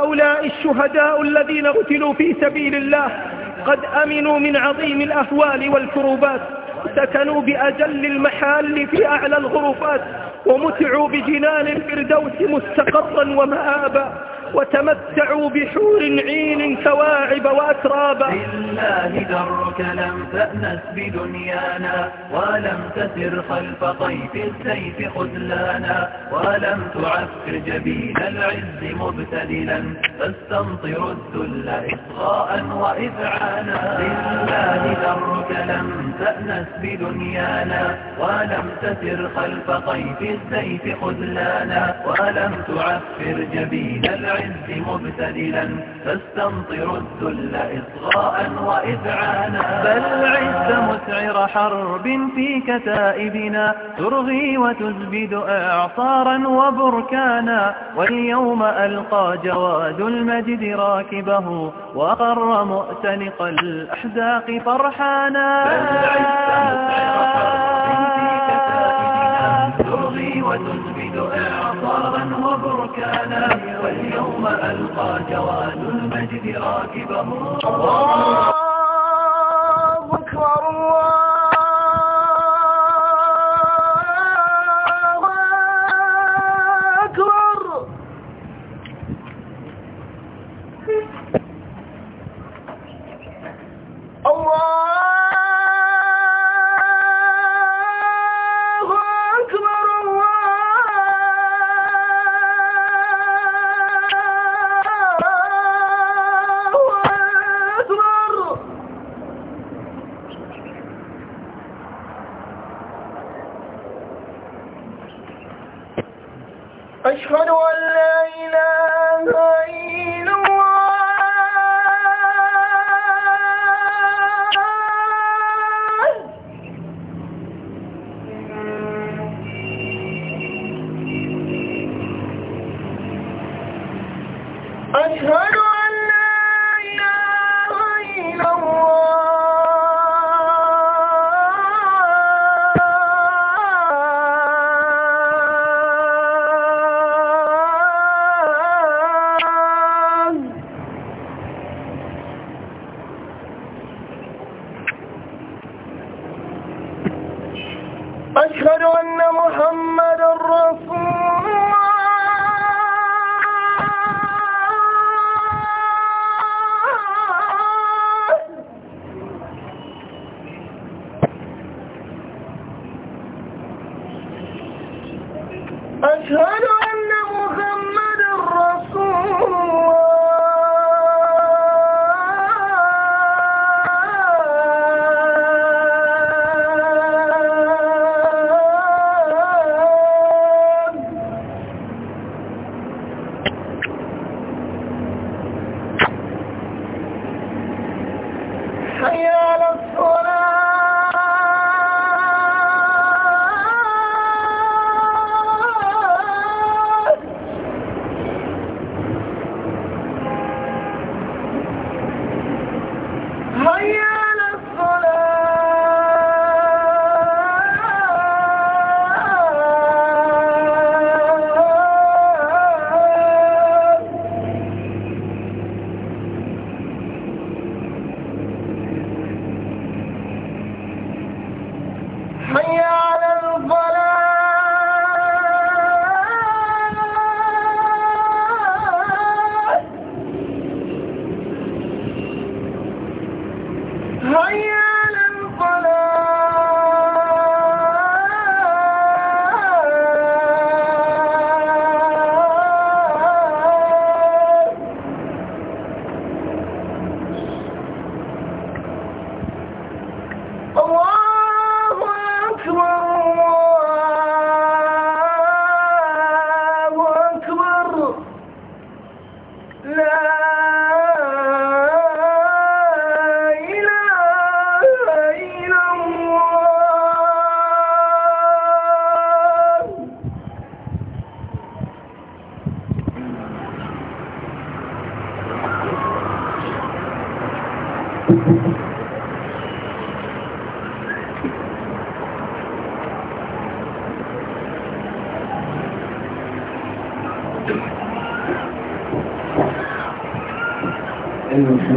هؤلاء الشهداء الذين قتلوا في سبيل الله قد أمنوا من عظيم الأهوال والكروبات سكنوا بأجل المحال في أعلى الغرفات ومتعوا بجنان الفردوس مستقرا ومآبا وتمتعوا بحور عين كواعب وأترابا لله درك لم تأنس بدنيانا ولم تسر خلف طيف السيف خذلانا ولم تعفر جبين العز مبتدلا فاستمطر الذل إصغاء وإذعانا لله درك لم تأنس بدنيانا ولم تسر خلف طيف السيف خذلانا ولم تعفر جبين العز العز مبتدلا فاستمطر الذل إصغاء وإذعانا بل عز مسعر حرب في كتائبنا ترغي وتزبد إعصارا وبركانا واليوم ألقى جواد المجد راكبه وقر مؤتلق الأحزاق فرحانا بل عز مسعر حرب في ألقى جواد المجد راكبه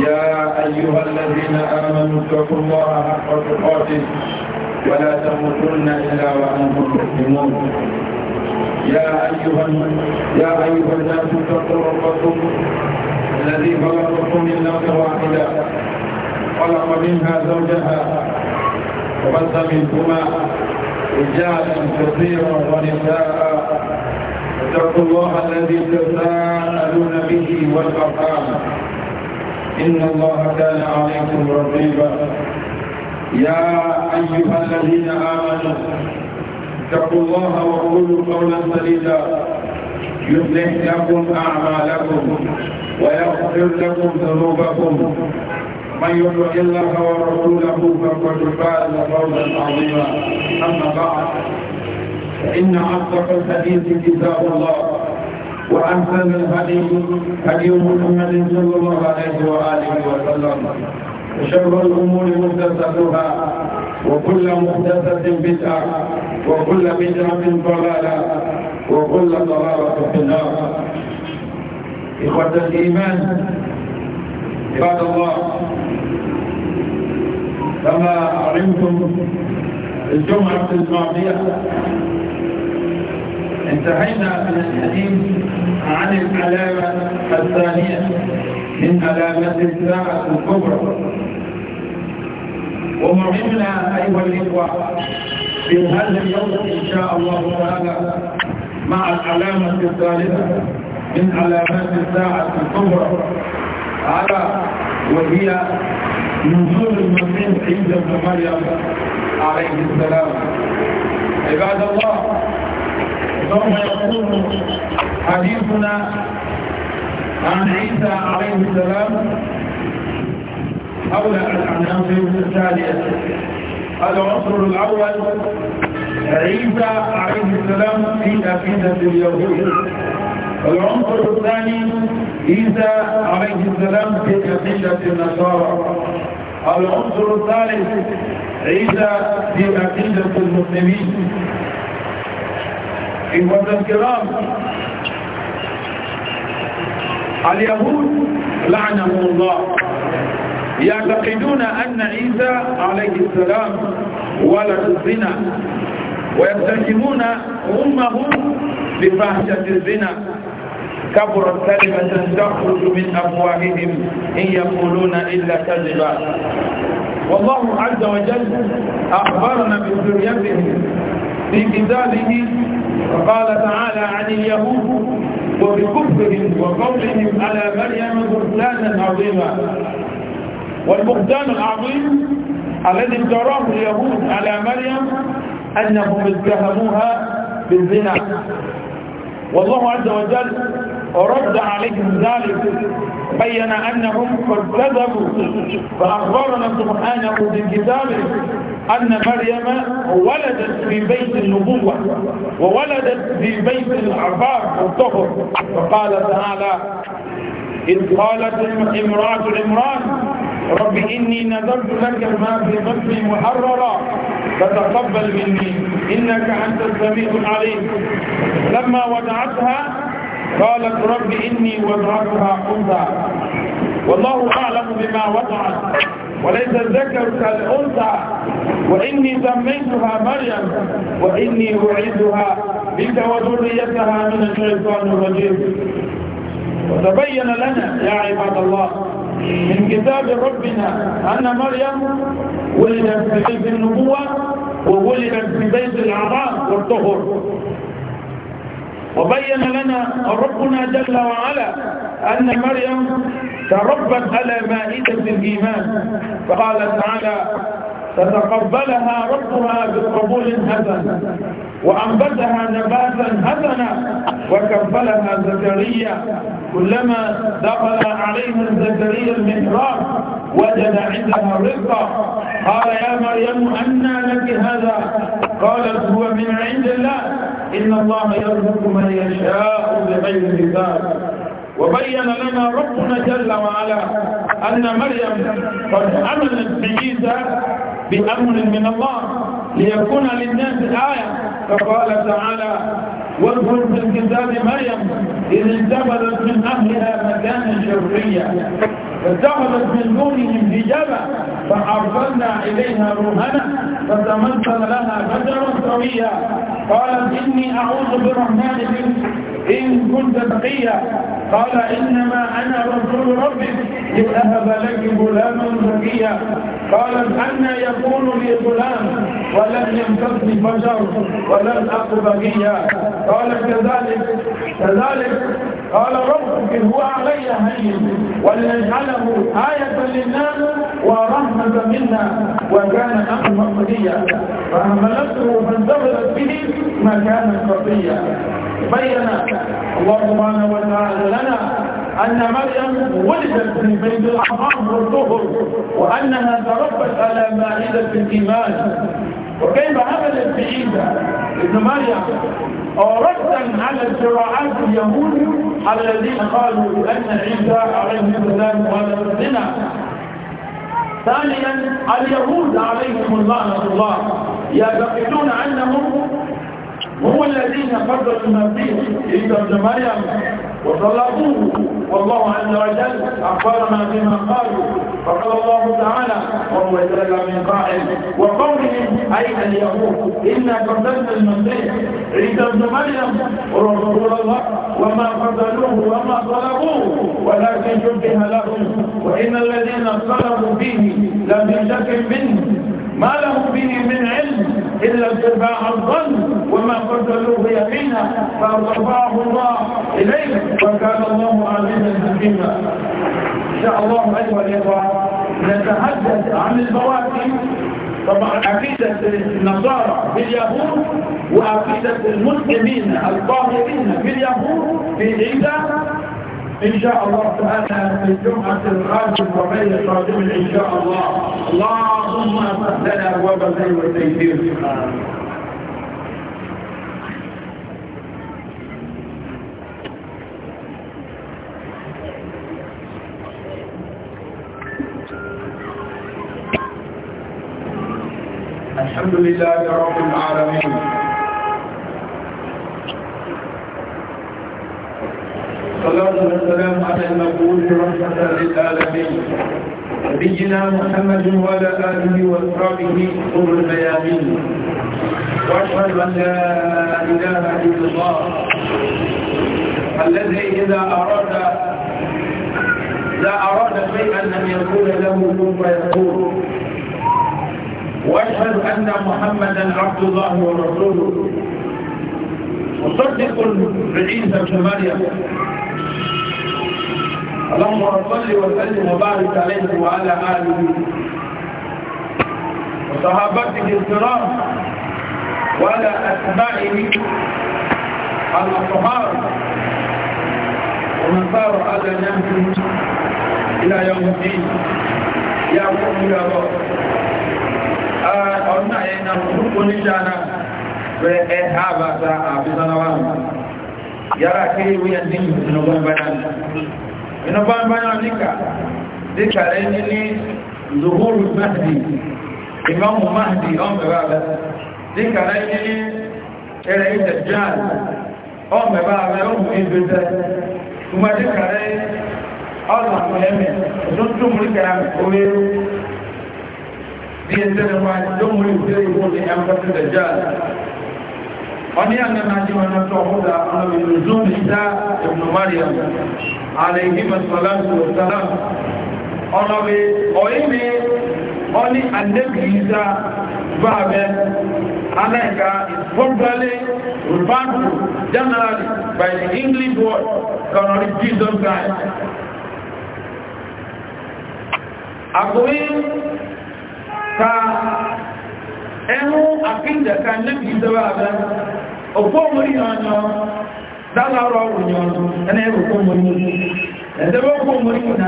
يا أيها الذين آمنوا اتقوا الله حق تقاته ولا تموتن إلا وأنتم مسلمون يا أيها يا أيها الناس اتقوا ربكم الذي خلقكم من نفس واحدة خلق منها زوجها وبث منكما رجالا كثيرا ونساء اتقوا الله الذي تساءلون به والأرحام إن الله كان عليكم رقيبا يا أيها الذين آمنوا اتقوا الله وقولوا قولا سديدا يصلح لكم أعمالكم ويغفر لكم ذنوبكم من يطع الله ورسوله فقد فاز فوزا عظيما أما بعد فإن أصدق الحديث كتاب الله وأحسن الحديث حديث محمد صلى الله عليه وآله وسلم وشر الأمور محدثتها وكل محدثة بدعة وكل بدعة ضلالة وكل ضلالة في النار إخوة الإيمان عباد الله كما علمتم الجمعة الماضية انتهينا من الحديث عن العلامة الثانية من علامات الساعة الكبرى ومهمنا أيها الإخوة في هذا اليوم إن شاء الله تعالى مع العلامة الثالثة من علامات الساعة الكبرى على وهي نزول المسيح عيسى بن مريم عليه السلام عباد الله يوم يقول حديثنا عن عيسى عليه السلام أولى العناصر الثانية العنصر الأول عيسى عليه السلام في أفئدة اليهود العنصر الثاني عيسى عليه السلام في أفئدة النصارى العنصر الثالث عيسى في أفئدة المسلمين إخوة الكرام اليهود لعنهم الله يعتقدون أن عيسى عليه السلام ولد الزنا ويتهمون أمه بفاحشة الزنا كبرت كلمة تخرج من أفواههم إن يقولون إلا كذبا والله عز وجل أخبرنا بسريته في كتابه فقال تعالى عن اليهود وبكفرهم وقولهم على مريم بهتانا عظيما والبهتان العظيم الذي افتراه اليهود على مريم أنهم اتهموها بالزنا والله عز وجل رد عليهم ذلك بين أنهم قد كذبوا فأخبرنا سبحانه في كتابه أن مريم ولدت في بيت النبوة وولدت في بيت العفاف والطهر فقال تعالى إذ قالت امرأة عمران رب إني نذرت لك ما في بطني محررا فتقبل مني إنك أنت السميع العليم لما ودعتها قالت رب إني وضعتها أنثى والله أعلم بما وضعت وليس الذكر كالأنثى وإني سميتها مريم وإني أعيدها بك وذريتها من الشيطان الرجيم وتبين لنا يا عباد الله من كتاب ربنا أن مريم ولدت في بيت النبوة وولدت في بيت العظام والطهر وبين لنا ربنا جل وعلا أن مريم تربت على مائدة الإيمان فقال تعالى فتقبلها ربها بقبول حسن وأنبتها نباتا حسنا وكفلها زكريا كلما دخل عليها زكريا المحراب وجد عندها رزقا قال يا مريم أنى لك هذا قالت هو من عند الله إن الله يرزق من يشاء بغير حساب وبين لنا ربنا جل وعلا أن مريم قد أمنت بعيسى بأمر من الله ليكون للناس آية فقال تعالى في الكتاب مريم إذ انتبذت من أهلها مكانا شرقيا فاتخذت من دونهم حجابا فأرسلنا إليها روحنا فتمثل لها بشرا سويا قالت إني أعوذ برحمن منك إن كنت بقية قال إنما أنا رسول ربك لأهب لك غلاما زكيا قالت أنا يكون لي غلام ولم يمتصني بشر ولم أق بقيا قال كذلك كذلك قال ربك هو علي هين ولنجعله آية للناس ورحمة منا وكان أمر مقضيا فحملته فانتظرت به مكانا خطيا بيننا الله سبحانه وتعالى لنا أن مريم ولدت في بيت الأحرام والطهر وأنها تربت على مائدة الإيمان وكيف عملت بعيسى ابن مريم ردا على الصراعات اليهود على الذين قالوا أن عيسى عليه السلام ولد الزنا ثانيا اليهود عليهم اللعنة الله يعتقدون أنهم الذين قدروا المسيح عيسى بن مريم وطلبوه والله عز وجل اخبرنا بما قالوا فقال الله تعالى وهو يتلى من قائل وقولهم اي اليهود انا قتلنا المسيح عيسى ابن مريم ورسول الله وما قتلوه وما طلبوه ولكن شبه لهم وان الذين طلبوا فيه لم شك منه ما لهم به من علم إلا اتباع الظن وما قتلوه يمينا فأرضاه الله إليه وكان الله عزيزا حكيما إن شاء الله أيها الإخوة نتحدث عن البواكب طبعا عقيدة النصارى اليهود وعقيدة المسلمين الطاهرين في اليهود في عيسى إن شاء الله تعالى في الجمعة القادمة وغير القادمة إن شاء الله اللهم افتح لنا أبواب الخير والتيسير الحمد لله رب العالمين والصلاة والسلام على المبعوث رحمة للعالمين نبينا محمد وعلى آله وأصحابه أم الميامين وأشهد أن لا إله إلا الله الذي إذا أراد لا أراد شيئا أن يقول له كن يقول وأشهد أن محمدا عبد الله ورسوله مصدق بعيسى مريم اللهم صل وسلم وبارك عليه وعلى آله وصحابته الكرام وعلى أتباعه الأطهار ومن صار على نهجه إلى يوم الدين يا قوم يا رب ọ̀nà ẹ̀nà انا انا rẹ̀ ẹ̀ àbàtà àbìsànàwà yára kí انا انا ní انا انا bẹ̀rẹ̀ inapambana nika dika lenye ni dhuhuru mahdi imamu mahdi ombe baba dika lenye ni ele ni dajjal ombe baba ombe ibida kuma dika lenye Allah muheme zuntu mulika ya mkuliru diye tena kwa jomuli kule yuko ni ambapo ونيانا ناجم أن نتوحد أن من نزول إساء ابن مريم عليهما الصلاة والسلام ọ̀nà mi ọ̀yí mi ọ ní àdébì ìsá bá abẹ́ aláìka is probably referred to by the English word canonic Jesus Christ. àkòrí ka ẹ̀hún àkíndẹ̀ka níbi ìjọba àbẹ́ ọ̀pọ̀ mọ́rí ọ̀nà dáláàrọ̀ òyìn ọ̀nà ẹ̀nà ẹ̀rọ̀pọ̀ mọ́rí ẹ̀dẹ́bọ̀ ọ̀pọ̀ mọ́rí ọ̀nà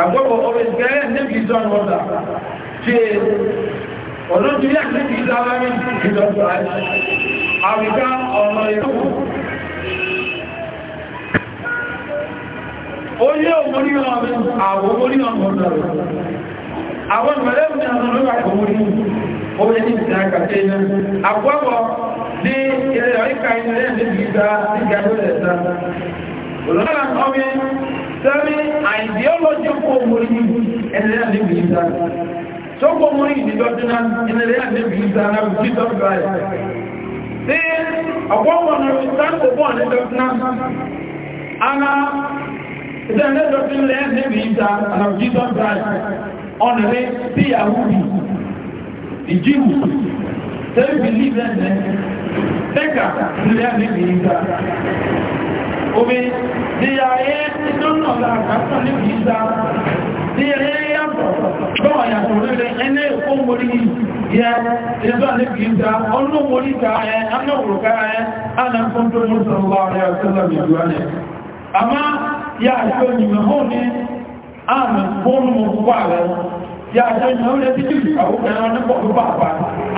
àgbọ́bọ̀ ọmọ àwọn orí ọmọ ọ̀dọ̀ rẹ̀ àwọn ìmọ̀lẹ́rù ní àwọn olóòwà kò mú ní orí ní ìsìn àkàtẹ́ iná àpọ̀pọ̀ ní ilẹ̀ ọ̀ríkà iná rẹ̀ ní ìgbà ìgbà ló rẹ̀ sá olóòwà ọmọ sẹ́mi àìdíọ́lọ́jì kò mú ní ẹ̀lẹ́rà ní ìgbà sọ́kò mú ní ìdíjọ́dúnà ẹ̀lẹ́rà ní ìgbà náà jesus christ tí ọ̀pọ̀pọ̀ ní sáńkòpọ̀ ní dọ́kúnà ana ìdẹ́ẹ̀lẹ́dọ́kúnlẹ̀ ní ìgbà náà jesus christ ọ̀nàrẹ́ sí yahudi ìjíwù tẹ́lẹ̀ believe them then tẹ́kà sílẹ̀ níbi ìgbà omi ní ayé ìdónà láàkàtà níbi ìgbà ní ayé yàtọ̀ lọ́wọ́ yàtọ̀ rẹ̀ ẹni ẹ̀kọ́ mórí yẹ ìdónà níbi ìgbà ọlọ́ mórí ká ẹ anáwòrúká ẹ anàkóntó mọ́sàn láàrẹ àtẹ́lẹ̀ ìgbà àmì fóònù gbogbo ààrẹ ya ṣe ìmọ̀ ilẹ̀ títí ìkàwókẹ́ anípọ̀lú bàbá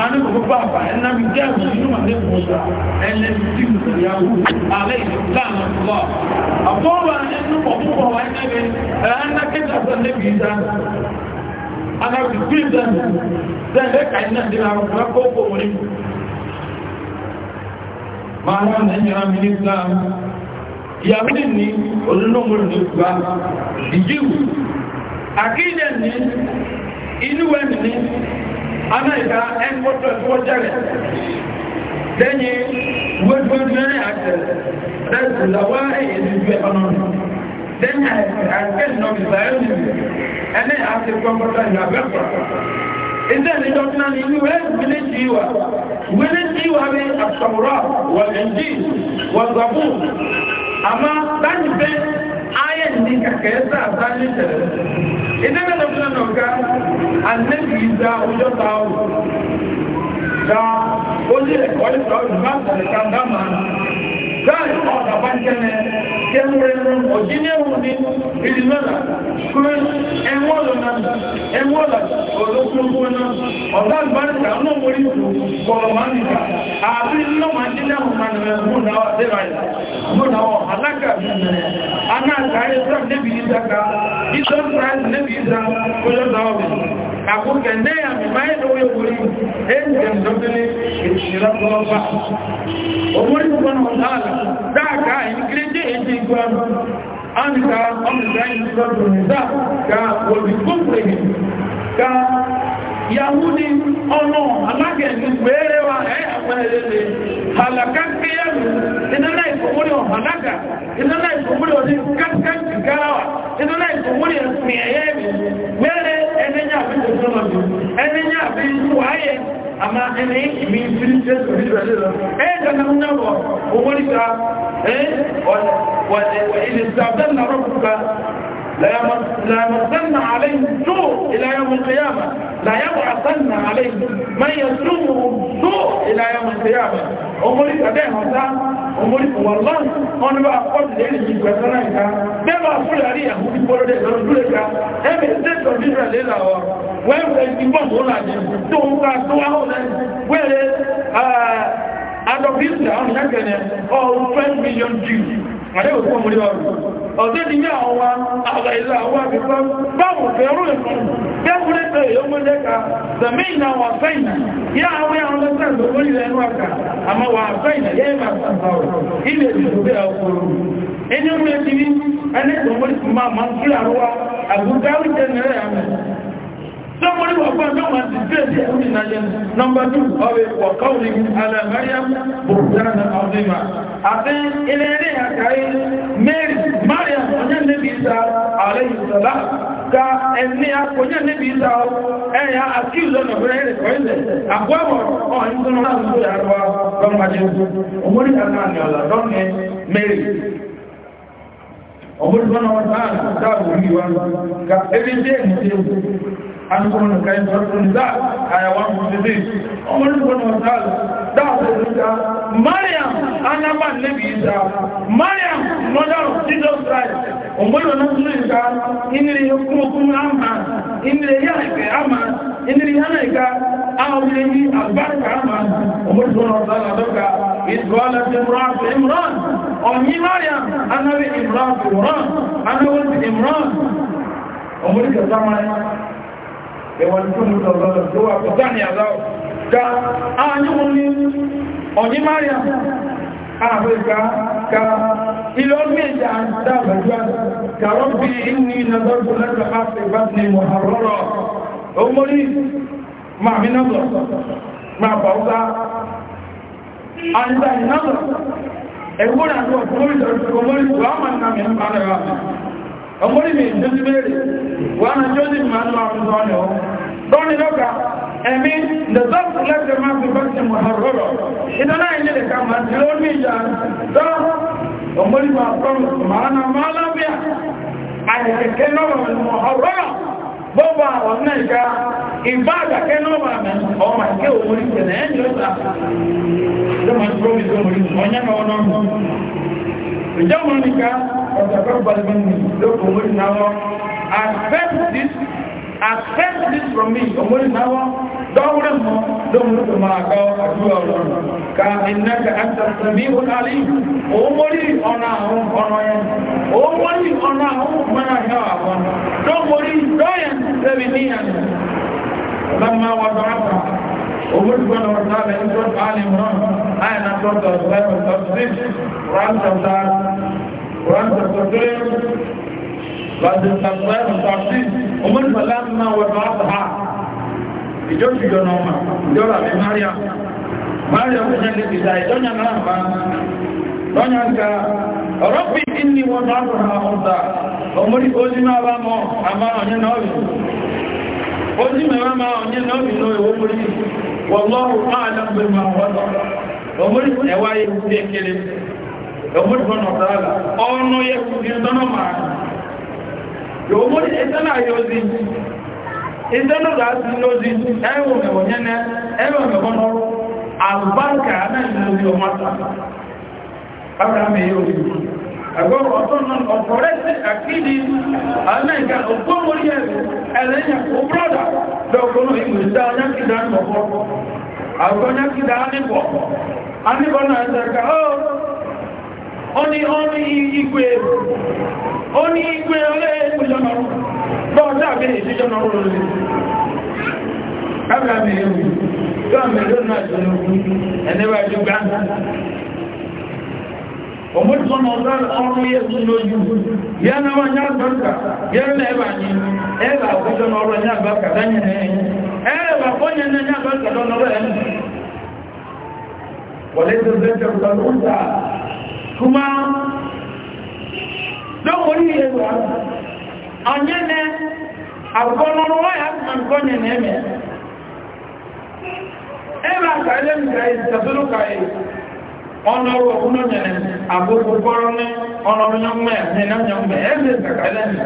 anípọ̀lú bàbá ẹnàmì jẹ́mù inú màdé mọ̀ṣà ẹni títí ìyàwó alẹ́ ìlànà lọ àbọ́wà ẹnu pọ̀pọ̀ wà ẹnẹ́bẹ̀ ẹ̀ẹ́nà kẹta sọ́lẹ́bì ìdá anábì gbígbẹ̀ tẹ́lẹ̀ kàínà dínà rọ̀kọ́ yahudi ni olólùmọ̀lù ní gbà ìjíwù àkíyẹ̀ ní inúwẹ̀ ní amẹ́ríkà ẹgbọ́tọ̀ ìfọ́jẹ̀rẹ̀ lẹ́yìn wẹ́gbẹ́gbẹ́rẹ́ àtẹ̀ rẹ̀sù lọ́wọ́ èyí ju ẹ̀kọ́nà lẹ́yìn àìkẹ́ ìnọ̀gbẹ̀sà ẹ̀rù ẹni àti gbọ́gbọ́tọ̀ ìyàbẹ́kọ̀ọ́ إذا لدرنا لنوين من الجيوة من الجيوة التوراة والإنجيل والزبور أما تنبي آية نيكا كيسا أساني تلك إذا لدرنا نوكا النبي إذا وجد da ó lè ẹ̀kọ́ ìfẹ́ ìgbà ìgbà ìgbà máa ń gáà ìfọ́ ọ̀dà bá ń jẹ́ kẹmúrẹ́mú ọ̀jíníẹ̀wò ní ìdìmọ́là kúrẹ́ ẹwọ́lọ́nà ẹwọ́là olókùnkúnná ọ̀gá àgbáríkà ọ̀nà orí kọlọ̀mánìkà àbí lọ́mà jíníẹ̀wò mánìyàn múnáwà dẹ́rẹ̀ múnáwà alága anáàkà ẹ̀sọ́ nẹ́bì ìdáka ìdọ́nà nẹ́bì ìdá kọjọ́ dáwọ̀ akurka ne ya mi ma yadda wuya wuri ɗin da zaune shirar gwamfa o wuri kuma na wasala za a ka yi kirje ya ce gwan an ka amurka yi zuwa ka wani kumfuri ka ìyàwó ni ọmọ alágẹ̀ẹ́ni péré wa ẹ́ àpẹẹrẹ halakakiyanu inana ìfòmúrí ọ̀hànága inana ìfòmúrí ọdí kákàkì gáwà inana ìfòmúrí ẹ̀sìn ẹ̀yẹ́ mi mẹ́rẹ̀ ẹnẹ́yà àbí tòṣọ́nà mi ẹnẹ́yà àbí wáyé àmà ẹni ìmí ìfìrí jésù ìrẹ̀lẹ̀ lọ ẹ̀ẹ́dẹ̀ náà ń yàwọ̀ òmóríta ẹ̀ ọ̀lẹ̀ wọ̀lẹ̀ ìlẹ̀sàbẹ̀ nàrọ̀ لا يمرضن عليهم سوء إلى يوم القيامة لا يبعثن عليهم من يسلمهم سوء إلى يوم القيامة أمري كده هذا أمري والله أنا بأقول لي بسنا إذا بما أقول عليه أقول بقول لك أقول لك أبي زيت وزيت ليلا وين تجيبون ولا جنب توم كاتوا هون وين آه out of Israel, I'm not gonna, oh, 12 million Jews. I ọ̀dẹ́ ni yá ọwá àgbà ilẹ̀ àwọn àbíkọ́ báwọn fẹ́rù ẹ̀kùn gẹ́gùnrin pé èyókù lẹ́ka zẹ̀mìnà wà fẹ́yìn yá àwọn àwọn lẹ́sẹ̀ lórí ilẹ̀ ẹnu àkà àmọ́ wà fẹ́yìn yẹ́ Somebody will find no one disgrace here in Nigeria. Number two, always for calling Ala Maryam Burjana Azima. Àfin ilé ilé àkàrí Mary Mariam ọ̀yẹ́ níbi ìta alayhi salam ka ẹni akọ̀yẹ́ níbi ìta ẹ̀yà àti ìlọ́nà fẹ́rẹ́ rẹ̀ pẹ̀lẹ̀. Àgbọ́wọ̀ ọ̀yìn tó náà ń gbé àrùwá lọ́mọdé. Omori Anna ni ọ̀là lọ́nà Mary. Omori Bọ́nà wọn náà dáàbò rí wa ka ebi dé ìmúdé أنكم كيف تركوا النساء آية 156 عمر بن وسال دعوة الرجاء مريم أنا ما النبي إيسا مريم مدر جيسوس رايت عمر بن وسال إنري يحكمكم أما إنري يحكي أما إنري يحكي أولي البركة أما عمر بن وسال أدوك إذ قالت امرأة عمران أمي مريم أنا بإمرأة عمران أنا ولد عمران عمر كتامة ẹ̀wọ̀n tó mú lọ́rọ̀ ló wà kọjá ní àláwọ̀ ga ààyùn ní ọ̀yí máyà àwẹ́gá ga ilọ́gbẹ̀ ìjà dábàjá kàrọ́bì inú ìnàdọ́gbọ̀ lẹ́gbẹ̀ áfẹ́gbà ní mọ̀hàrọ́rọ̀ omori ma mi nọ́gbọ̀ ma bàúgbà àìsà ìnàdọ̀ ẹ̀wọ́n àti ọ̀pọ̀ ọmọrí mi tó ti bèèrè wọ́n jọ́ ní ìmọ̀lá ọ̀rọ̀ ọ̀nà ọ̀ lọ́rin lọ́ka ẹ̀mí lọ́sọ́pù lẹ́sẹ̀ máa fi bá ti mọ̀hàrọ̀rọ̀ ìdáná ilé lè ka máa ti lórí ìyá tọ́ ọmọrí máa tọ́ màánà máa lábíà àyẹ̀kẹ́kẹ́ lọ́rọ̀ mọ̀hàrọ̀rọ̀ bọ́bá ọ̀nà ìka ìbá àgbàkẹ́ lọ́rọ̀ àmì ọmọ ìkẹ́ òmòrí tẹ̀lẹ̀ ẹ̀ ìjọba ìjọba ìjọba ìjọba وتقبل مني لو أمور نوا accept this accept this from me أمور نوا دورا ما دورا ما كاو أدوا كإنك أنت السميع العليم أموري أنا هم أنا أموري أنا هم من أنا هم أموري داين سبيني لما وضعتها ومن كان وتعالى إن كنت عالم آية نصرت الغيب والتصديق وأنت تعالى وأنت تقول بعد التقوير والتعصيب ومن فلما وضعتها ìjọ́sù yọ̀nà ha ọ̀dá ọmọdé ozi máa bá mọ́ àmá ọ̀nyẹ́ náà rí ozi ndị máa ọ̀nyẹ́ náà rí lórí owó ọrụ yọmọdé sọ́nà ọ̀tàlá ọ̀nà yẹ kùsì sọ́nà máa yọmọdé ìtẹ́nà yọzi ìtẹ́nà láti lọ́zi ẹwọ mẹ́wọ̀ yẹnẹ ẹwọ mẹ́wọ̀ nọrọ àlùbáríkà anáìlú ọmọ àtàlá bára mi yóò di agbọ́rọ̀ ọ̀tọ́nà ọ̀pọ̀rẹ́sì àkídí aláìka ògbómorí ẹ̀lẹ́yìn òbúrọ̀dà lọ́gbọ́nà ìgbésẹ̀ anyákìdá nọ̀pọ̀ àgbọ́nyákìdá anìbọ̀ anìbọ̀ náà ẹ̀sẹ̀ ká ọ́ ó ní igwe ó igwe olé ìjọba bọ́ọ̀dá àbí ìṣíjọba ọ̀rọ̀ lè kábíyà mi ewu yóò mẹ́lẹ́ náà ìṣòro ẹ̀nẹ́wà ìjọba ọmọdún ọ̀dọ́ ọ̀rọ̀ yẹ́sù lójú yẹ́ na wọ́n yá bọ́ǹkà yẹ́ na ẹ̀bà ní ẹ̀bà àkójọ ọ̀rọ̀ yá bọ́ǹkà lẹ́yìn ẹ̀yìn ẹ̀bà fọ́nyẹ̀ na yá bọ́ǹkà lọ́nà kuma don wani yawa onye ne akwọnọrọ ya na nkonye na-eme ebe aka ele m ka ezi tatụrụ ka ezi ọnọrụ ọkụnọ nyere abụkụ kọrọ ne ọnọrụ ya mma ya e na nya mma ya ebe zaka ele m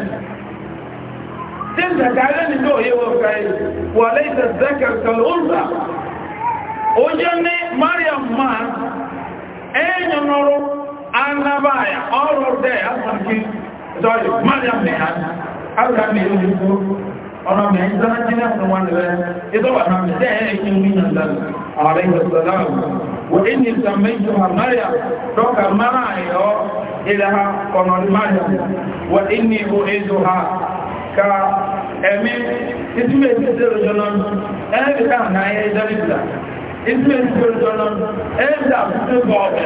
tí zaka ele m ndị oyi wọ ka ezi wale ita zaka kalụza onye ne mariam ma enyo nọrọ annabaya all of them asàkí sorry mariam ni ha abraham ni ìlú ìlú ọ̀nà mi ń dáná jìnà fún wọn rẹ̀ ìtọ́wà náà mi tẹ́ ẹ̀ kí n rí yàn lẹ́nu ààrẹ ìgbẹ̀sọ̀láàmù wọ́n ní ìsànmẹ́ ìjọba mariam lọ́kà mara ẹ̀họ́ ilẹ̀ ha ọ̀nà mariam wọ́n ní ìbò ẹ̀zọ́ ha ka ẹ̀mí ìtumẹ̀ ìfẹ́sẹ̀ rẹ̀ jọ náà ẹ̀ẹ́dẹ̀ká náà ẹ̀ẹ́dẹ̀rẹ̀ İsmet Sözcan'ın evde bütün bağlı.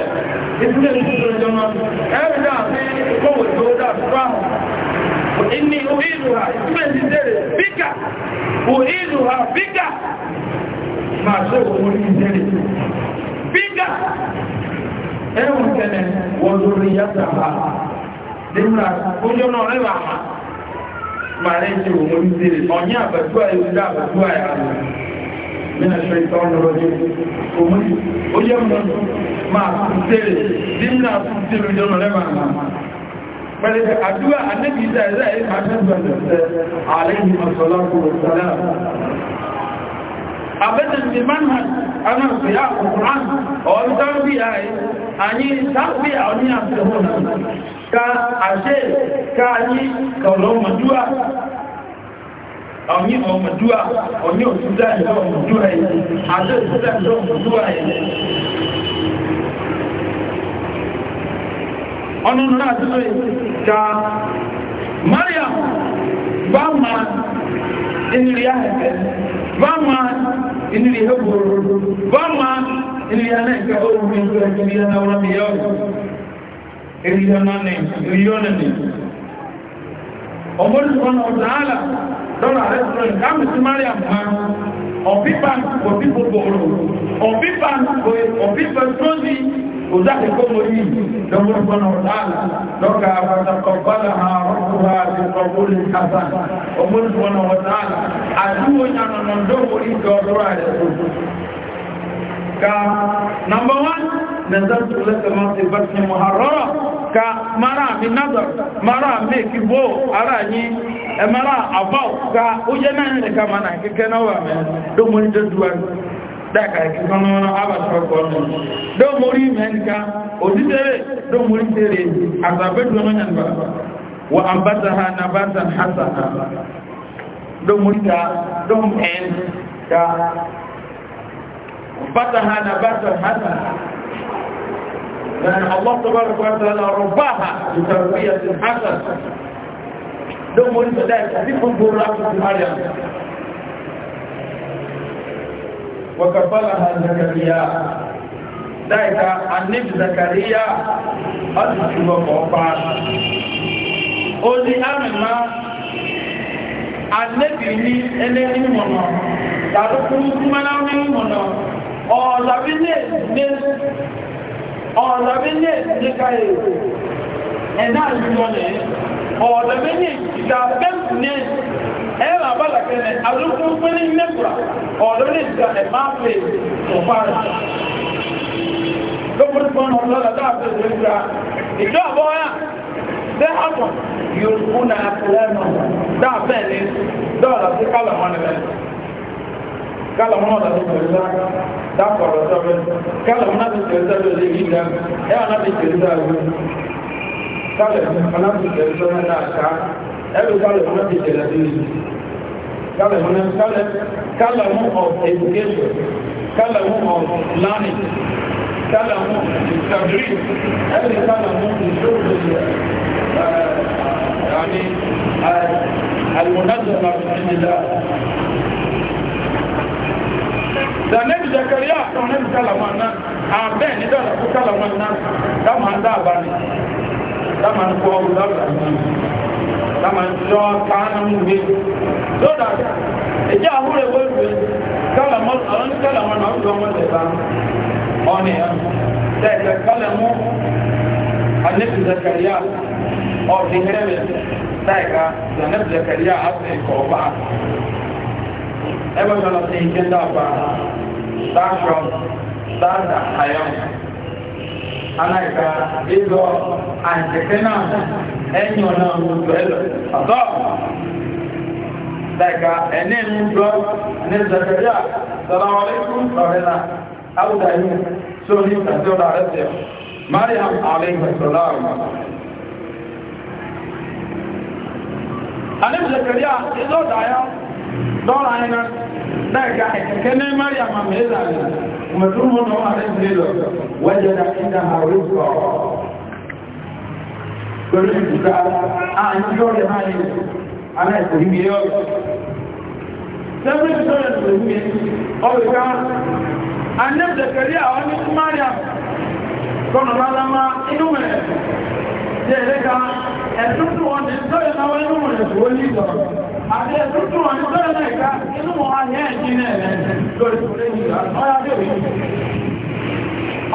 İsmet Sözcan'ın evde bir kolu doğuda şuan. İnni uiduha İsmet izleri bika. Uiduha bika. Maşe umur izleri. Bika. Ev sene ve zurriyataha. Dimra kocana ne var mı? Maalesef umur izleri. Onya abadua evde abadua ya. من الشيطان الرجيم ومن ويوم ما تسير دمنا تسير جنو لما pẹ̀lú àdúrà àdébì ìdá ẹ̀dá ẹ̀dá àtẹ́gbẹ̀lẹ̀ àlẹ́yìn ọ̀sọ̀lọ́pù ọ̀sọ̀lá àbẹ́dẹ̀ ti manhaj anáàfíà ọkùnrin ọ̀rọ̀ tàbí àì àyí tàbí àwọn àti ọ̀nà ká àṣẹ ká yí kọ̀lọ̀ mọ̀dúwà ọ̀ní ọmọdúwà ọ̀ní òtúdá ìjọ ọmọdúwà yìí àjọ òtúdá ìjọ ọmọdúwà yìí ọ̀nà náà tí ó ta maria bá ma iniri ahẹ́fẹ́ bá ma iniri hegboro bá ma iniri anẹ́kẹ́ ohun ẹgbẹ́ ẹgbẹ́ ẹgbẹ́ ẹgbẹ́ ẹgbẹ́ ẹgbẹ́ ẹgbẹ́ ẹgbẹ́ ẹgbẹ́ ọmọdé sọ́nà ọ̀tàálà lọ́nà restaurant káàmù sí mariam ma ọ̀bíbà kò sí gbogbo ọ̀rọ̀ ọ̀bíbà kò ọ̀bíbà tóní òjáde kó mo yí lọ́gbọ́n ọ̀dáàlá lọ́ka àbàtàkọ̀bálà àrọ́kùnrin àti ọ̀gbọ́n kásá ọgbọ́n ọ̀dáàlá àdúgbò yànnà lọ́wọ́ ìjọ ọ̀rọ̀ àìsàn ka number one nazar tulaka ma tibatni muharrara ka mara mi nadar mara mi kibo ara yi e mara avau ka uje na ne ka mana kike na wa me do mo ni duwa da ka ki kono na aba so ko no do mo ri men ka odi tere do mo ri tere azabe do no nyan ba wa ambataha nabatan hasana do mo ri ka do en ka hana bata hasana dan Allah tabaraka wa ta'ala rabbaha bi tarbiyatin hasan don mo ní sọdá ẹ̀ka ní gbogbo rákùn ti mariam wakabala ha zakariya dáìka anif zakariya ọdún tí wọ́n kọ́ pa ó ní àmìmá anẹ́bì ní ẹlẹ́ni mọ̀nà tàbí kúrú kúmọ́lá ní mọ̀nà ọ̀làbí lè ní ọ̀nà méjèèjì níka èrò ẹ̀dá àjúlọ nẹ̀ ọ̀nà méjèèjì ìjà bẹ́ẹ̀kù ní ẹ̀rọ àbálàkẹ́ nẹ̀ alókù pínlẹ̀ mẹ́kùrà ọ̀nà méjèèjì ẹ̀má pè ọ̀pára lókùnrin pọ́n lọ́la dáàbẹ̀ ìjọba ìjọ àbọ́yà bẹ́ àtọ̀ yóò kú náà lẹ́nu dáàbẹ̀ ní dọ́ọ̀lá sí kálọ̀ mọ́ni lẹ́nu kala muna da su kirta da kwaro sabin kala muna da kirta da zai yi da ya na da kirta da kala muna da kirta da na ka ẹlú kala muna da kirta da yi kala muna kala kala mu of education kala mu of learning kala mu tabiri ẹlú kala mu ìṣòro يعني المنظمة بإذن الله da nabi zakariya kan nabi kalaman nan a bẹ́ẹ̀ ní dọ́là kó kalaman nan dáma ń dáàbá ni dáma ń kọ́ ọ́rù lọ́rù àti dáma ń yọ káánà mú mi lọ́dà ìjẹ́ àwúrẹ̀ wẹ́rù kalaman ọ̀rọ̀ kalaman náà ọ̀rọ̀ wọn lè bá ọ̀nì ẹ̀ tẹ̀sẹ̀ kalamu anabi zakariya ọ̀dìn hẹ́rẹ̀ tẹ̀ka anabi zakariya àti ìkọ̀ọ̀bá ẹgbẹ́ sọ̀rọ̀ sí ìjẹ́ dáàbá the bashom bada hayom anaika ịzọ àǹtẹ̀tẹ̀ náà ẹ̀yìn náà gbogbo ẹ̀lọ ọ̀tọ̀ daga ẹni ń jọ ní zakaria sọláwọ́ lẹ́kùn ọ̀rẹ́ náà áwùdá yìí sórí that rẹ̀ tẹ̀ mariam alaihi salam is ìzọ́dà yá dọ́ọ̀lá ẹ̀nà dáìka ẹ̀kẹ́kẹ́ ní mẹ́rìàmà mẹ́rìàmà mẹ́túrùmọ́ náà wà lẹ́gbẹ̀ẹ́ lọ wẹ́jẹ̀dá ìdá àrùkọ̀ pẹ̀lú ìdúkà àìyíjọ́ rẹ̀ máa yẹ aláìkòrí mi yọ sẹ́fẹ́ ìjọ́ rẹ̀ lè mi ọ̀rẹ́ká anẹ́bẹ̀kẹ̀rí àwọn ní mẹ́rìàmà kọ́nà lálámá inú mẹ́rẹ̀ ẹ̀rẹ́ka ẹ̀tútù wọn ni sọ́yẹ̀ náwọ́ inú wọn lè fò ní ìtọ̀ àti ẹ̀tútù wọn ni sọ́yẹ̀ náà ìka inú wọn a yẹ́ ẹ̀jì náà rẹ̀ lórí fòlé ìgbà ọ̀yá bèèrè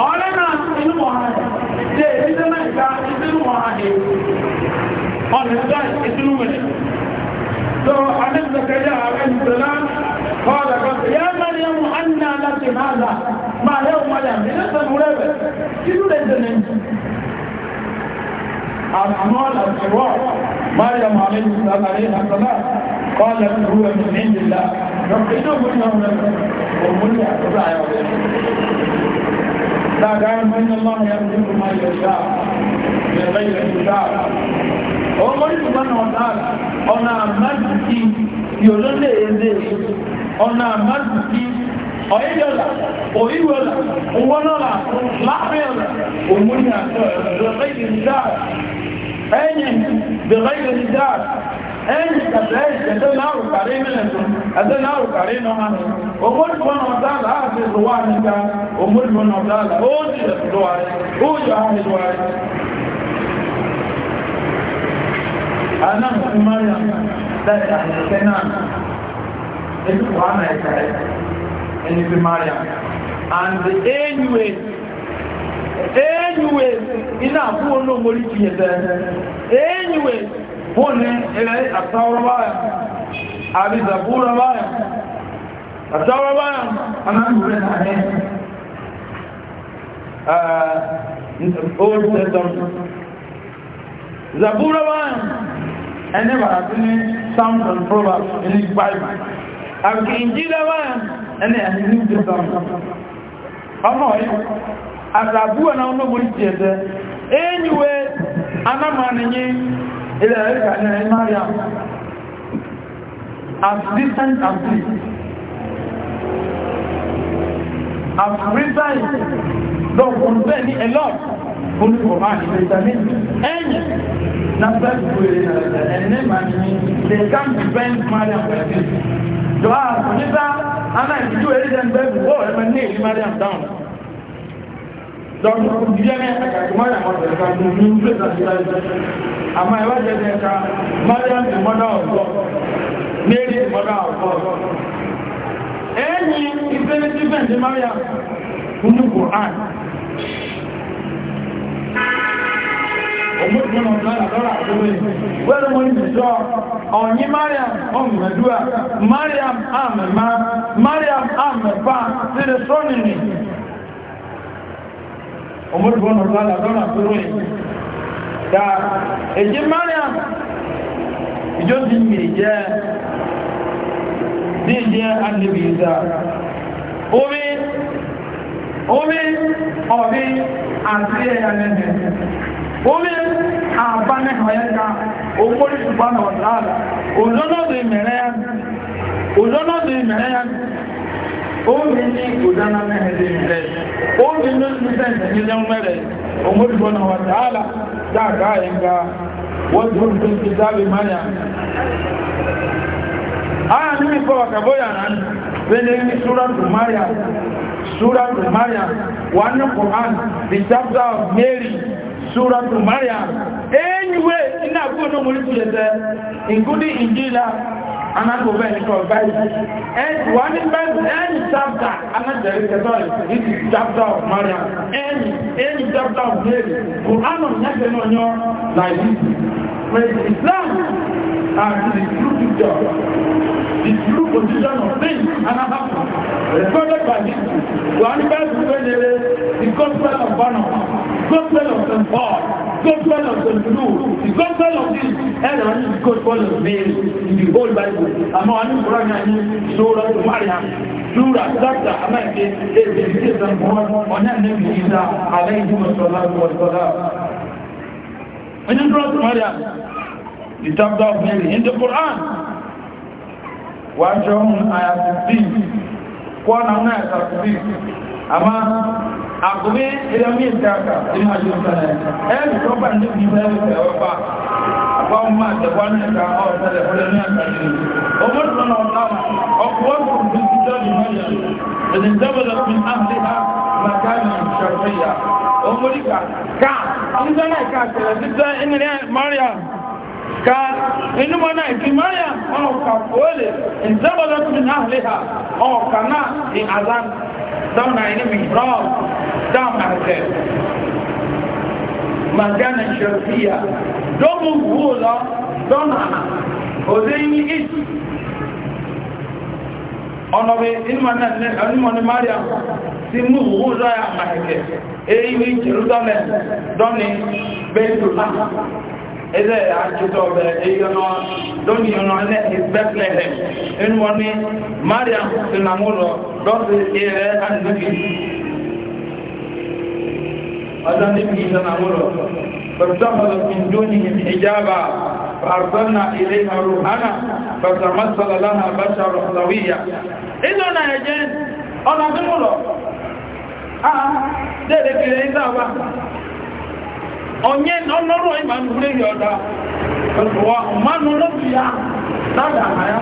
ọ̀rẹ́ náà inú wọn a jẹ́ ìdíjẹ́ náà ìka inú wọn a yẹ ọ̀nà ìjọ ìsinú mẹ́rin lọ anẹ́sẹ̀kẹ́yà ààrẹ ìsẹ̀lá kọ́ọ̀dà kan yẹ́ mẹ́rin ẹ̀mù anìyàn láti máa là máa yẹ́ الأعمال الصغار مريم عليه السلام عليها السلام قالت هو من عند الله نقلوهن ونقلوهن وقلنا أتبع يا وليه لا تعلم من الله يرزق ما يشاء من غير حساب ọlọ́rin subhanahu wa ta'ala ọ̀nà àmájìkí yóò lọ́lẹ̀ èdè ọ̀nà àmájìkí ọ̀yẹ́jọ́lá òríwẹ̀lá òwọ́nọ́lá láàrínlá òmúnà ẹ̀yìn bẹ̀rẹ̀ ìdáà ẹ̀yìn tàbí ẹ̀sẹ̀ náàrù kàrí mílẹ̀tún ẹ̀sẹ̀ náàrù kàrí náà òmúrùn ọ̀dáàlá àti ìlúwà níta òmúrùn ọ̀dáàlá ó jẹ́ ìlúwà rẹ̀ ó jẹ́ àìlúwà rẹ̀ anáà mọ́rin láti àìsẹ̀ náà ẹ̀lú wà náà ẹ̀kẹ́ in Ife Mariam. And the AUA, AUA, ina abu ono mori kiye te, AUA, hone ele asawra bayan, abi zabura bayan, asawra bayan, anan yure na he. Old Testament. Zabura bayan, never bàtí any Psalms and Proverbs in ní Bible. Àbùkì ìjìlá one ɛne ahemni gyesa ɔma ɔyɛ asabuwa na ɔno mo tiɛ sɛ enyiwe anama ne nye ɛdɛ ɛka ne ɛmaria as distant as this ni a Only for man, it is Any. Now, that's what it they can't depend Mariam like So, ah, Sunita, Anna, if you do it, oh, I'm going to nail down. Donc, bien, comment la mort mother of God. Mary, mother of God. Any, if anything, Mariam, who knew Quran. Wẹ́rẹ́ mọ́ ìjọ ọ̀yí Mariam ọmọdúwà, Mariam àmẹ́má, Mariam àmẹ́fà sílẹ̀ sọ́nìní. Ọmọdúwà lọ́rọ̀ àdọ́rà tó rẹ̀. Da èjì Mariam ìjọ́ ti mìí jẹ́ díjẹ́ àdìbì ìdá. omi ọ̀rí àti ẹ̀yà lẹ́nẹ̀ omi àbánihànyẹ́ka ògbórí ṣùgbọ́n ọ̀tàlá òlọ́lọ́dọ̀ ìmẹ̀rẹ́ yá omi ní ìgbòdáná mẹ́rẹ̀dẹ̀ ìrẹ́ omi ló ti sẹ́ǹtẹ̀ nílẹ̀ mẹ́rẹ̀ ògbórí ṣùgbọ́n ọ̀tàlá dáàkà ẹ̀ka wọ́n tó ń tó ti dábì máyà Aya nínú ìfọwọ̀kàbóyà rán, pẹ̀lẹ̀ ní Súrọ̀tù Máríà, Surah Maryam, one Quran, the chapter of Mary, Surah Maryam. Anyway, in a good including Injila, and I go back to Bible. And one in Bible, any chapter, I'm not the Catholic, this is chapter of Maryam, any, any chapter of Mary, Quran of Nathan on your like this. But Islam and ah, the true picture, the true position of things, and I have recorded by history. Buhari bá ti fẹ́ lere the gospel of honor, gospel of the ball, gospel of the blue, the gospel of this, and I need the gospel of Mary in the whole Bible. Àmọ́ a ní Kúrọ́ náà ní Sura to Mariam, Sura Dr. Amẹ́kẹ́, èdè ìdíje Sàmúhàn, ọ̀nà ẹ̀mí ìdá, àlẹ́ ìdúmọ̀sọ̀lá, ìwọ̀sọ̀lá. Ẹni Sura to Mariam, the chapter of Mary in the Quran, wàá jọ ohun àyàfi bíi kwanan na ya sarkubi amma a gobe idan yin daga ina yi sanar ɗaya da kofar da bi bayan da yawa ba a kwan ma da kwanan da kama wata da kwanan ya sarkubi umar sana wata akwai kundin fitar da mariya da da zabala min ahliha makamin shafiya umar ka ka an zana ka kalafitar ina ne maria ka inú mọ́ náà ìfì mọ́yà ọ̀kà fòólè ìjẹ́bọ̀lọ́tún náà léha ọ̀kà náà ní azan dáwọn náà ní mìíràn dáwọn àtẹ́ magana ṣẹ̀fíà dọ́mù wúwo lọ dọ́nà òdé ní ìsì ọ̀nàbẹ̀ inú mọ́ ní mariam ti mú wúwo lọ́yà àmàhẹ̀kẹ̀ èyí ní jerusalem dọ́ni bẹ́ẹ̀ ɛdɛ adzutɔ bɛ eyɔnɔ lɔni yɔnɔ lɛ ɛgbɛklɛ lɛ enuwɔni mariam sinamulɔ dɔsi yɛrɛ anibi ɔdanibi sinamulɔ فاتخذ من دونهم حجابا فأرسلنا إليها روحنا فتمثل لها بشر سويا إذا أنا يا جن أنا في الملو آه ده ده كده إذا onye n'ọnọrọ ịma n'ure ya ọda wa mmanụ n'obi ya na-adama ya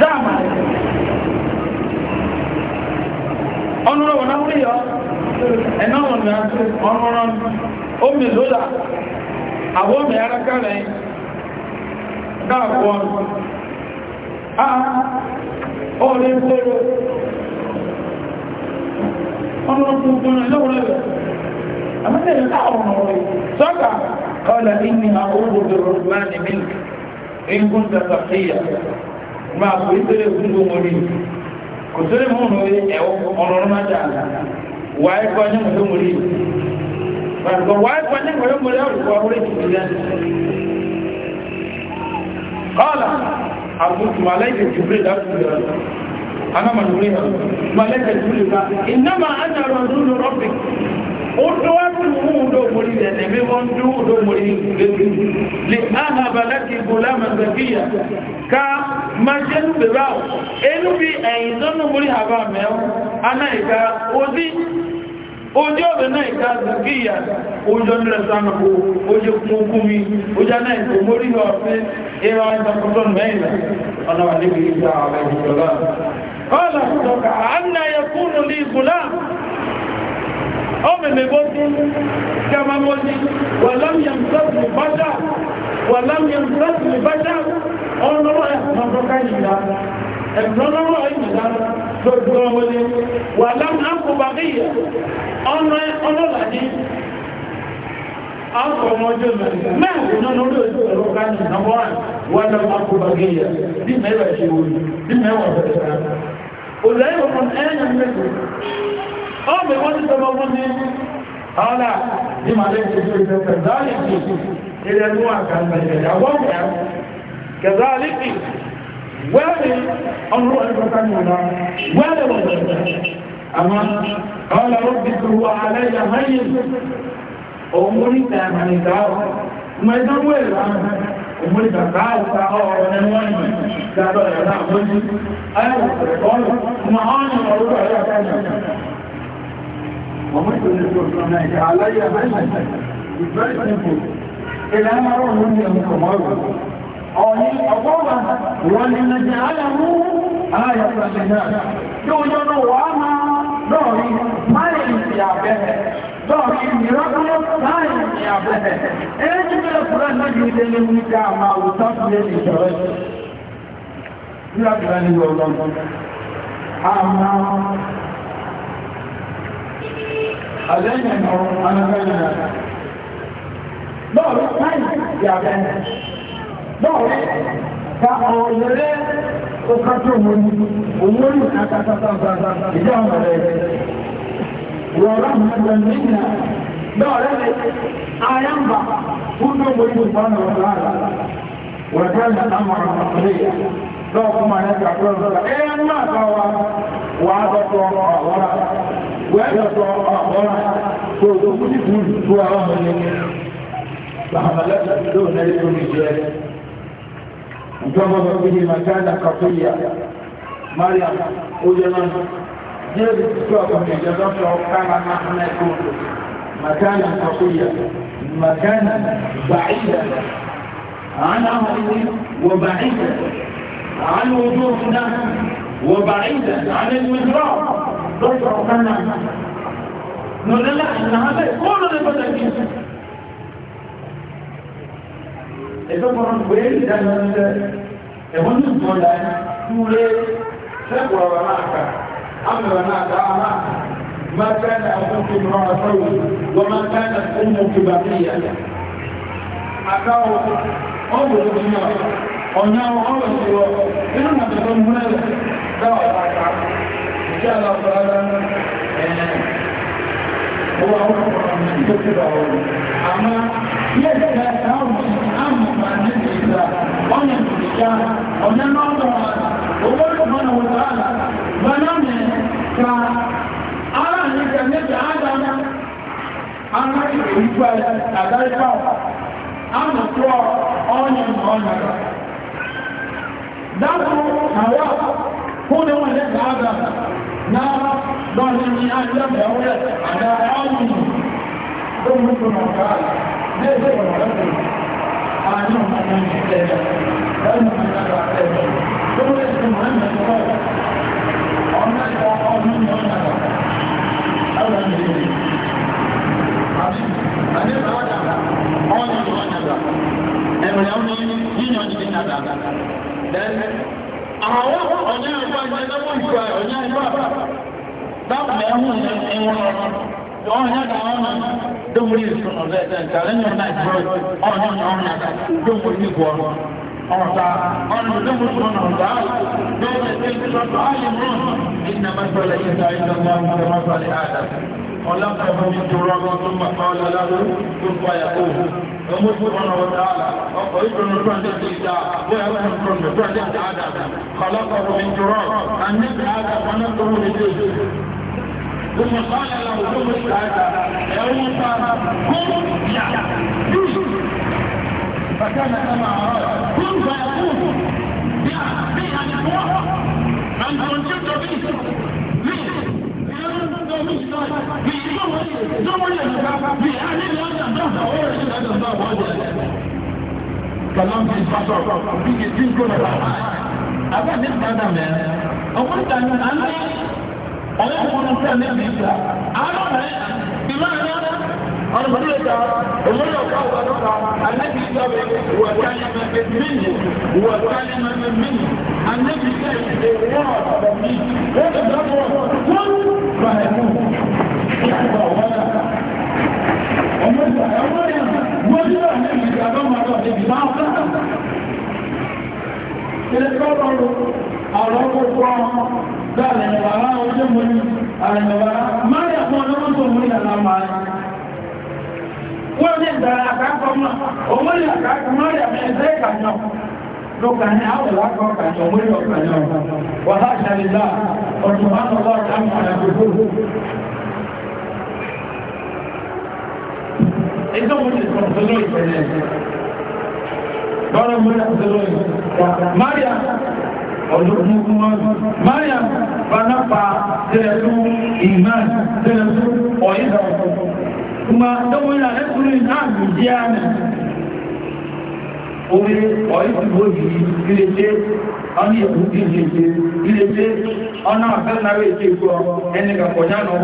dama ya ọnọrọ wọn n'ahụrụ ya ẹnọ wọn na ọnọrọ omi lọla àwọn ọmọ ya raka a ọrẹ mkpọrọ ọnọrọ gbogbo na ẹnọ wọn أما أنه لا أمر صدع قال إني أعوذ بالرحمن منك إن كنت تقيا ما كنت لأخذ مريد كنت لأخذ أمر ما جعل وعيك وأنا مخذ مريد وعيك وأنا مخذ مريد وأخذ مريد قال أبوك ملائكة جبريل أنا من أريها ملائكة جبريل إنما أنا رسول ربك uduwatu udo mulile nemevondu udo mulile li ahaba laki gulama zakiya ka majenu bebao enu bi aizonu muli haba meo anaika ozi ojú ọ̀bẹ̀ náà ìka zakiya ojú ọ̀nà sánàkó ojú kúnkúmi ojú ọ̀nà ìkò mórí ọ̀fẹ́ ẹwà ìtàkùtàn mẹ́ìlá ọ̀nà wà níbi ìjà àwọn ìjọba ọmọ̀mẹ̀ gbogbo jamamoji wàlámiyàn sọ́tù bájá wàlámiyàn sọ́tù bájá ọlọ́rọ̀ ẹ̀kùnlọ́rọ̀ ìyá ẹ̀kùnlọ́rọ̀ ìyá gbogbo ọmọdé wàlám àkùbàkìyà ọlọ́làdí akọmọjọ mẹ́rin náà lórí ojú ẹ̀rọ kánì nàbọ́ wà wàlám àkùbàkìyà bí mẹ́wàá ṣe wòlú bí mẹ́wàá bẹ̀rẹ̀ ọmọ ìwọ́n ti sọmọ fún ní ọlá ní màlẹ́ ìṣẹ́jú ìfẹ́fẹ́ záàlìkì ilẹ̀ ní àkàndà ìyàwó ọ̀gá kẹzáàlìkì wẹ́ẹ̀rẹ̀ ọmọ ìfẹ́fẹ́ nìyàwó wẹ́ẹ̀rẹ̀ wọ̀nyẹ̀ Omori kàkà àwùta ọ̀rọ̀ ẹni wọ́n yìí, ìjádọ̀ ẹ̀rọ àmójú, ayẹ́wò ẹ̀kọ́ ọ̀rọ̀, ọmọ ọ̀nà ọ̀rọ̀ ẹ̀rọ àkáyà. Muhammad is your son. Allah is your son. It's very simple. إلهنا روح من المتمرد أولي أقوبة ولنجعله آية للناس يوجد وما دوري ما ينسيابه دوري ميراكل ما ينسيابه إيجب الأفراد نجد للمكا ما وصف للإشارات يا أجلاني والله أما àlẹ́yìn ọ̀rọ̀ anáfẹ́yìn rẹ̀ lọ́ọ̀rí táìsì ìyàbẹ̀ lọ́ọ̀rí ka ọ̀rẹ́ ọkàtí òmòrí òmòrí àkàtàtàtà ìjá ọ̀rẹ́ rọ̀rọ̀ mẹ́rin nínú lọ́ọ̀rẹ́ ayámbà fún òmòrí ìpánà ọ̀rọ̀ àrà wọ̀dẹ́lẹ̀ àmàrà ọ̀rẹ́ lọ́ọ̀kọ́ ويبقى أخوان فوضوك لكل سواهم منك فحملت دون لكم به مكان قطيع مريم أجمع جيب سواهم من جزاك وكان نحن بعيدا عن أهله وبعيدا عن وجوهنا وبعيدا عن الوزراء lọ́sọ̀rọ̀ kánà nọ̀lẹ́lá ìlànàlẹ́ kọ́ọ̀lọ́ lẹ́gbẹ̀ẹ́ lẹ́gbẹ̀ẹ́ ẹ̀tọ́ kan pé ìdánilẹ́ ẹ̀wọ́n ní ìgbọ́lá túlé sẹ́kùrọ̀ náà ká àmìrà náà ká àmà ما كان أبوك امرأة سوء وما كانت أمك بقية أكاو أبو الدنيا أنيا وأبو الدنيا إنما تكون هناك دعوة insha Allah ta'ala gbogbo àwọn ọ̀pọ̀lọpọ̀ ní tó ti bọ̀ ọ̀rọ̀ àmọ́ ilé ìjọba àwọn òṣìṣẹ́ àmọ̀pá ní ìgbà ọ̀nà ìgbà ọ̀nà náà lọ́wọ́ owó ìgbọ̀nà wọ̀ tààlà gbọ́nà mẹ́rin ka ara ní ìgbẹ̀mẹ́ta àdáná ara ìgbà àdáríkà àmọ̀pọ̀ ọ̀nà ọ̀nà dákùn àwọn kúndínwọ̀n lẹ́gbẹ̀ẹ́ àdáná lọ́rin ní àjẹ́bẹ̀ ọ̀rẹ́ àdáhàmì tó mú fún ọ̀gá lẹ́gbẹ̀ ọ̀rẹ́kùn àárín ọ̀nà ìṣẹ́lẹ̀ lẹ́nu ìjọba ẹ̀rẹ́ tó rẹ̀ sí mọ̀ ẹ̀mẹ̀ ọ̀rẹ́ ọ̀nà ìjọ ọdún ní ọ̀nà ọ̀rẹ́ ìrìn àti àdébà ọ̀dàdà ọ̀nà ọ̀nàdà ẹ̀rẹ̀ ọ̀nà yíyan ìdí nàdàdà àwọn ọ̀nà ìjọba ìjọba ìjọba báwọn mẹ́rin ẹ̀wọ̀n ọ̀hún yàtọ̀ ọ̀nà dómúrí ìsúná lẹ́sẹ̀ ìtàlẹ́yìn náà ìgbọ́ ọ̀hún ọ̀hún yàtọ̀ dómúrí ìgbọ́ ọ̀tá ọ̀nà dómúrí ìsúná ọ̀tá dómúrí ìsúná ọ̀tá alìmọ́n iná mẹ́sọ̀lẹ̀ ìta ìta mẹ́rin mẹ́sọ̀lẹ̀ àdá ọ̀làkọ̀ọ́ mi jùlọ ọ̀tún mọ̀kànlá lálẹ́ tó fà yà ọmọ ìfọ̀nà wọ̀tàlá ọkọ̀ ìfọ̀nà fúrandẹ́sì ìta bóyá wọ́n fúrandẹ́sì àdá kọlọ́kọ̀ọ́ mi jùlọ àníbi àdá wọn náà tó wọlé ثم قال له جمهور يا موسى قم يعجوز فكان كما اراد قم فيقول بها القوه من كنت به Kalam ti sasọ, ọ̀gbìn ti ń kó lọ. Àbá ní ìgbàdàn mẹ́rin, ọ̀pọ̀ ìtàn àná ọlọ́kùnrin fún ẹ̀mí ìgbà àwọn ọ̀rẹ́ ìmọ̀ ẹ̀rọ ọ̀rọ̀ mọ̀lẹ́ ìta òmùlẹ̀ ọ̀gá ọ̀gá ọ̀gá alẹ́bí ìgbà wẹ̀ wọ̀ táyà mẹ́mẹ́ mímì wọ̀ táyà mẹ́mẹ́ mímì alẹ́bí ìgbà ìdè wọ́n ọ̀dọ̀ mi wọ́n lè gbà wọ́n wọ́n bá ẹ̀mú ìgbà wọ́n ọmọ ìgbà ẹ̀wọ́n yẹn wọ́n yóò àlẹ́ ìgbà bá wọn lọ ọ̀rọ̀ púpọ̀ láàrin bàbá ojú mú ní àrin bàbá má yà fún ọlọ́wọ́ tó mú ìlànà máa wọ́n ní ìdára àkákọ́ mọ́ òun ní àkákọ́ má yà fún ẹ̀sẹ̀ ìkàjọ lókàní àwọn ìwákọ̀ kàjọ mú ní ọ̀kàjọ wàhálà ìṣàlélá ọ̀tún máa ń lọ́wọ́ táwọn ọ̀rẹ́ gbogbo ìdánwò ní ìfọ̀sọ́lọ́ ìfẹ̀lẹ̀ Bọ́lá mú ní àtẹ́lọ́ ìfẹ̀lẹ̀. Máríà Mariam banapa tẹ̀lẹ̀tú ìmáà tẹ̀lẹ̀tú ọ̀yẹ́dà kuma dọ́wọ́lá ẹkùnrin náà jẹ́ àmì orí ọ̀yẹ́dìbò yìí iléeṣẹ́ ọmọ ìyẹ̀kú ti iléeṣẹ́ iléeṣẹ́ ọ̀nà àfẹ́lára ètò ìkọ ẹni kàkọ̀já náà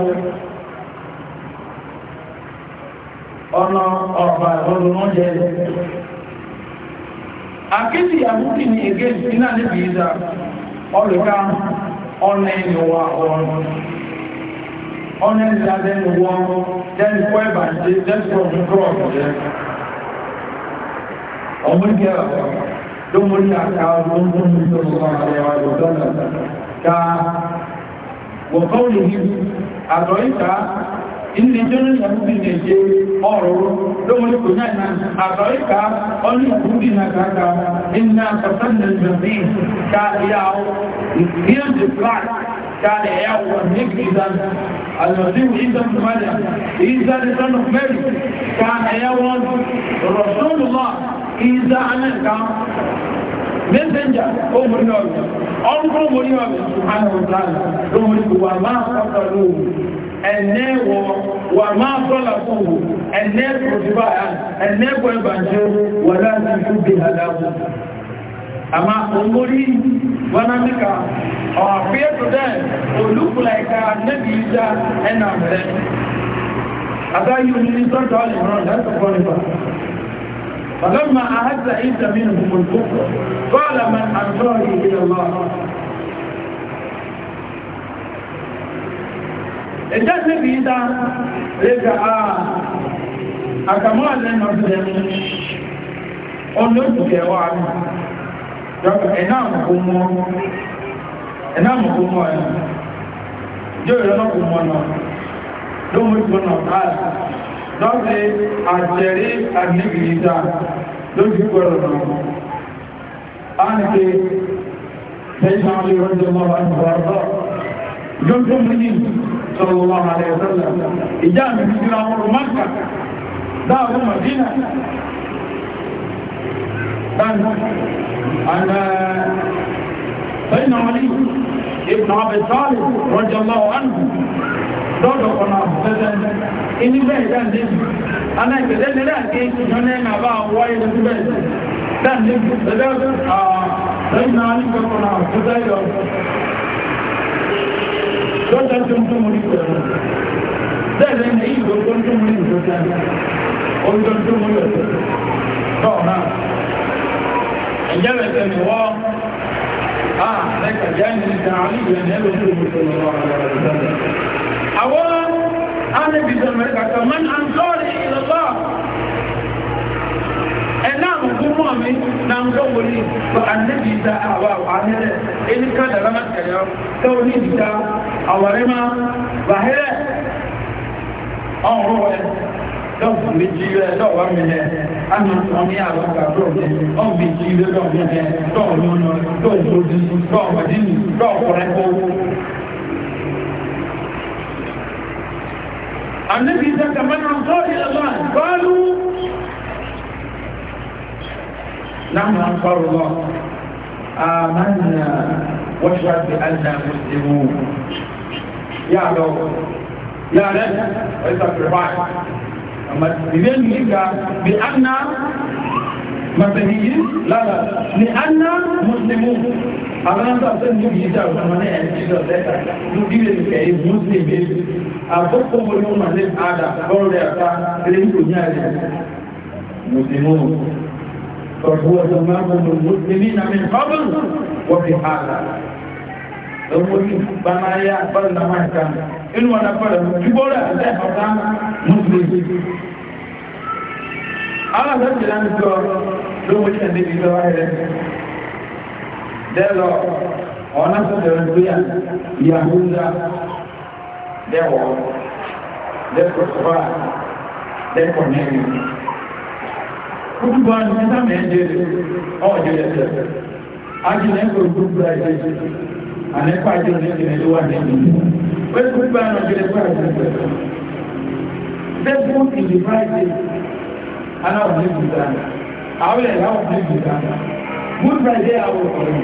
ọ̀nà ọ̀pàá ọ̀rọ̀ àkéjì àbúkì ní ègéjì iná níbi ìdá ọlùká ọ̀nà ìwà ọ̀rọ̀ ọ̀nà ìdá dẹnu wọ́n dẹnu kọ́ ẹ̀bà jẹ́ dẹnu kọ́ ọ̀rọ̀ jẹ́ ọmọ ìgbẹ́ lómórí àká ọgbọ́n tó ń bọ̀ indigenous movement ṣe ọ̀rọ̀ lóhun kò náà na àbáríkà ọlú ìkúndì na kàkà iná pàtàkì ìjọsí ká ìyàwó ìgbìyànjú clark ká ìyàwó nígbìyàn alọ́dínwó ìdán mọ́lá ìdán ìdán mẹ́rin ká ìyàwó rọ̀ṣọ́lùmọ́ ìdán amẹ́ka messenger omori ọ̀rọ̀ ọ̀rọ̀ omori ọ̀rọ̀ ṣùgbọ́n àwọn ọ̀rọ̀ lóhun ẹ̀nẹ́ wọ wà máa bọ́lá fún wò ẹ̀nẹ́ kòtùbà ẹ̀nẹ́ kòẹ̀bàjẹ́ wà láti ṣúgbé aláwọ̀ àmà òmórí wọnámíkà ọ̀pẹ́ẹ̀tọ̀ dẹ̀ olúkùlà ìka nẹ́bí ìjá ẹ̀nà rẹ̀ àbáyé ní sọ́tọ̀ ọ̀lẹ̀mọ̀ràn lẹ́sọ̀kọ́ nípa فلما أهز عيسى منهم الكفر قال من أنصاري إلى الله ẹ̀jẹ̀ ṣe bí dá ẹ̀jẹ̀ àà ah, àkàmọ́ àlẹ́ nọ́ọ̀sẹ̀ mú ọ̀nà òṣìṣẹ́ ẹ̀wọ̀ àmì yọ̀kọ̀ ẹ̀nà àmọ̀kò mọ́ ẹ̀nà àmọ̀kò mọ́ ẹ̀ yóò yọ lọ́kù mọ́ nọ lóhun ìgbọ́ nọ káàdì lọ́sẹ̀ àjẹrí àgbègbè dá lójú gbọ́dọ̀ nọ ánìké sẹ́yìn àwọn ilé ìrọ́jọ́ mọ́ wà ní ọ̀rọ̀ sallallahu alaihi wasallam ìjà mi ti ra ọrùn mọ́ta dáàbò mọ̀dínà dáàbò àná sẹ́yìn àwọn ilé ibùn abẹ́sọ́lì rọ́jọ́ lọ́wọ́ ánù lọ́dọ̀ ọ̀nà àbúfẹ́fẹ́ inú bẹ́ẹ̀ dáàdé aná ìgbẹ̀lẹ́ lẹ́lẹ́ àti ìṣúná náà bá wọ́ ilé síbẹ̀ dáàdé bẹ́ẹ̀ sẹ́yìn àwọn ilé lọ́jọ́ tó ń tó mú ní ìgbòho bẹ́ẹ̀ lẹ́yìn èyí ìgbò tó ń tó mú ní ìgbòho jáde oúnjẹ tó mú ní ọ̀tọ̀ náà náà ẹ̀jẹ̀ rẹ̀ tẹ̀lé wọ́ á lẹ́kà àwọn ánìbìsẹ̀ mẹ́ta kàmán àǹtọ́rì ìlọ́lọ́ kuma mi na nga wuli ba annabi da awa wa hele in ka da rama kayo to ni da aware ma ba hele on ro e do mi ji le do wa mi ne an na on mi ala ka do ne on mi ji le do mi ne do no no do do di do wa di do ko re ko النبي ذاك من انصار الله قالوا نحن أنصار الله آمنا واشهد بأننا مسلمون يا لو يا لن وليس في الرعاية أما لذلك بأن مسيحيين لا لا لأن مسلمون àwọn ọ̀sán tó ní ìjà òṣàmọ́lẹ́ ẹ̀ẹ́dẹ́gbẹ̀ ọ̀dẹ́ta lórí ìrìnkẹ̀ ìbú sí ìbí àkókò mọ́lẹ́mọ́lẹ́ àdà lọ́rọ̀ ẹ̀ta ilé ìròyìn àrẹ̀ mùsùlùmí فهو إمام المسلمين من قبل وفي هذا Omoyin bana ya bar na maka inu wani fara kibora da hauka musulmi. Ala ta jira ni to lokacin da bi zuwa hele. Delo ona so da ruya Yahuda dewo. Deko fa deko ne. Ojúbọ̀ ni ẹ̀ta mẹ́jẹ ọ̀jẹ̀lẹ̀sẹ̀. Ajílẹ̀ ẹ̀kọ́ gbogbo ẹ̀jẹ̀ àlẹ́kọ́ àjẹ́ ìrìnlẹ̀ ló wà nínú. Ó gbogbo àwọn ọ̀jẹ̀lẹ̀kọ́ àjẹ́ Therefore, in the right way, Allah will live with that. Àwọn ẹ̀rọ àwọn ọ̀gbìn ìgbìn kan. Good Friday àwọn ọ̀gbìn.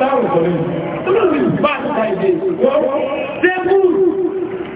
Táwọn ọ̀gbìn. Tó ló ń bí bad Friday. Wọ́n ṣe good.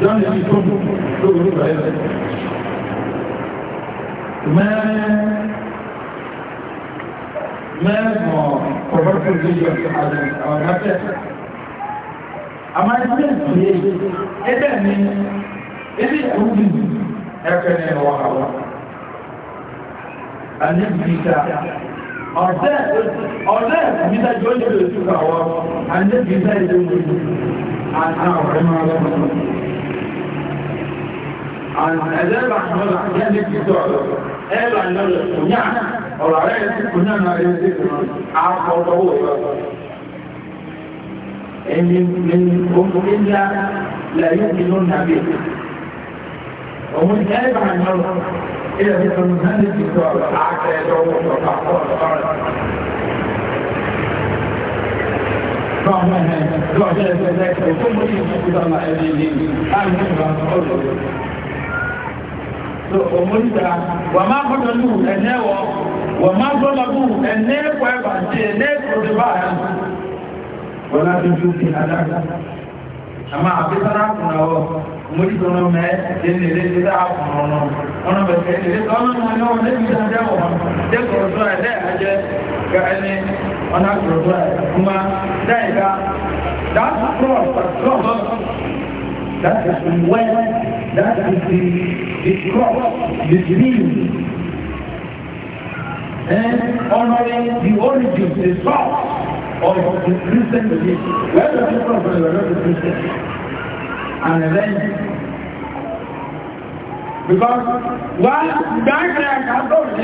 John is too too good for it. ما ما ما قررت الفيديو في حاجة أو هكذا أما الفيديو إذا من إذا أودي أكن وحلا أن يبديك أرزاق أرزاق مثل جوجل يسوع أن يبديك أن أعرف ما له àdábà àwọn àjẹ́ ní kìtọ́ ẹ̀là ìlọ́lẹ̀ kùnyà ọ̀rọ̀ rẹ̀ sí kùnyà náà rẹ̀ sí àpọ̀lọ́wọ́ ẹni oúnjẹ ńlá lẹ́yìn tí ló nàbí òun ẹ̀là ìlọ́lẹ̀ ilẹ̀ ìtọ́nà ní kìtọ́ àkẹ́ẹ̀lọ́wọ́ Gbọ́n mẹ́rin, lọ́jọ́ ẹgbẹ̀rẹ̀ ẹgbẹ̀rẹ̀ tó mú ìṣẹ́kúdọ́lá ẹgbẹ̀rẹ̀ òmòlìdá wà máa gbọ́dọ̀ lù ẹ̀nẹ́ wọ wà máa gbọ́dọ̀ lù ẹ̀nẹ́ ẹ̀kọ́ ẹ̀bà tí ẹ̀nẹ́ ìkòrò bá ẹ̀ wọ́n láti ju ti adága àmà àbísára kùnà wọ òmòlìdá ọ̀nà mẹ́ ẹ̀lẹ́lẹ́ ẹ̀lẹ́ àkùnà ọ̀nà ọ̀nà bẹ̀kẹ́ ẹ̀lẹ́ ọ̀nà mọ̀ ní ọ̀nà ìgbìyànjẹ́ ọ̀nà dẹ́kọ̀rọ̀ tó ẹ̀lẹ́ àjẹ́ ga ẹni ọ̀nà kùnà tó ẹ̀ That is the way, that is the, the cross, the dream. And honoring the origin, the source of the Christian belief. Where the people of the world are Christian. And then, because while that happened,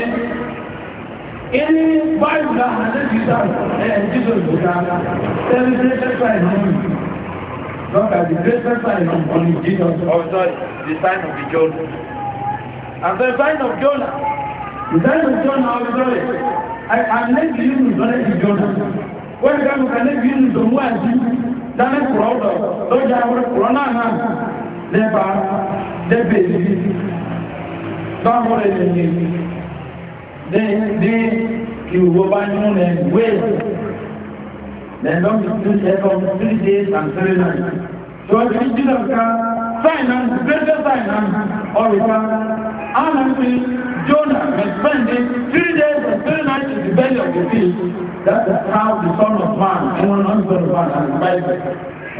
any Bible that has eh, Jesus, Jesus, celebration by him. Look at the greatest sign of only Jesus. Oh, sorry, the sign of the Jonah. And the sign of Jonah. The sign of Jonah, oh, sorry. I can let you use the Jonah. When you can let you use the word, that is proud of. Don't you have a corona hand? Never, the Don't worry, the baby. Then, then, you go back home and wait. Then Lord is still for three days and three nights. So if you do finance, greater finance, or we can, honestly, Jonah was spending three days and three nights in the belly of the fish. That is how the Son of Man, anyone on the Son of Man, has Bible.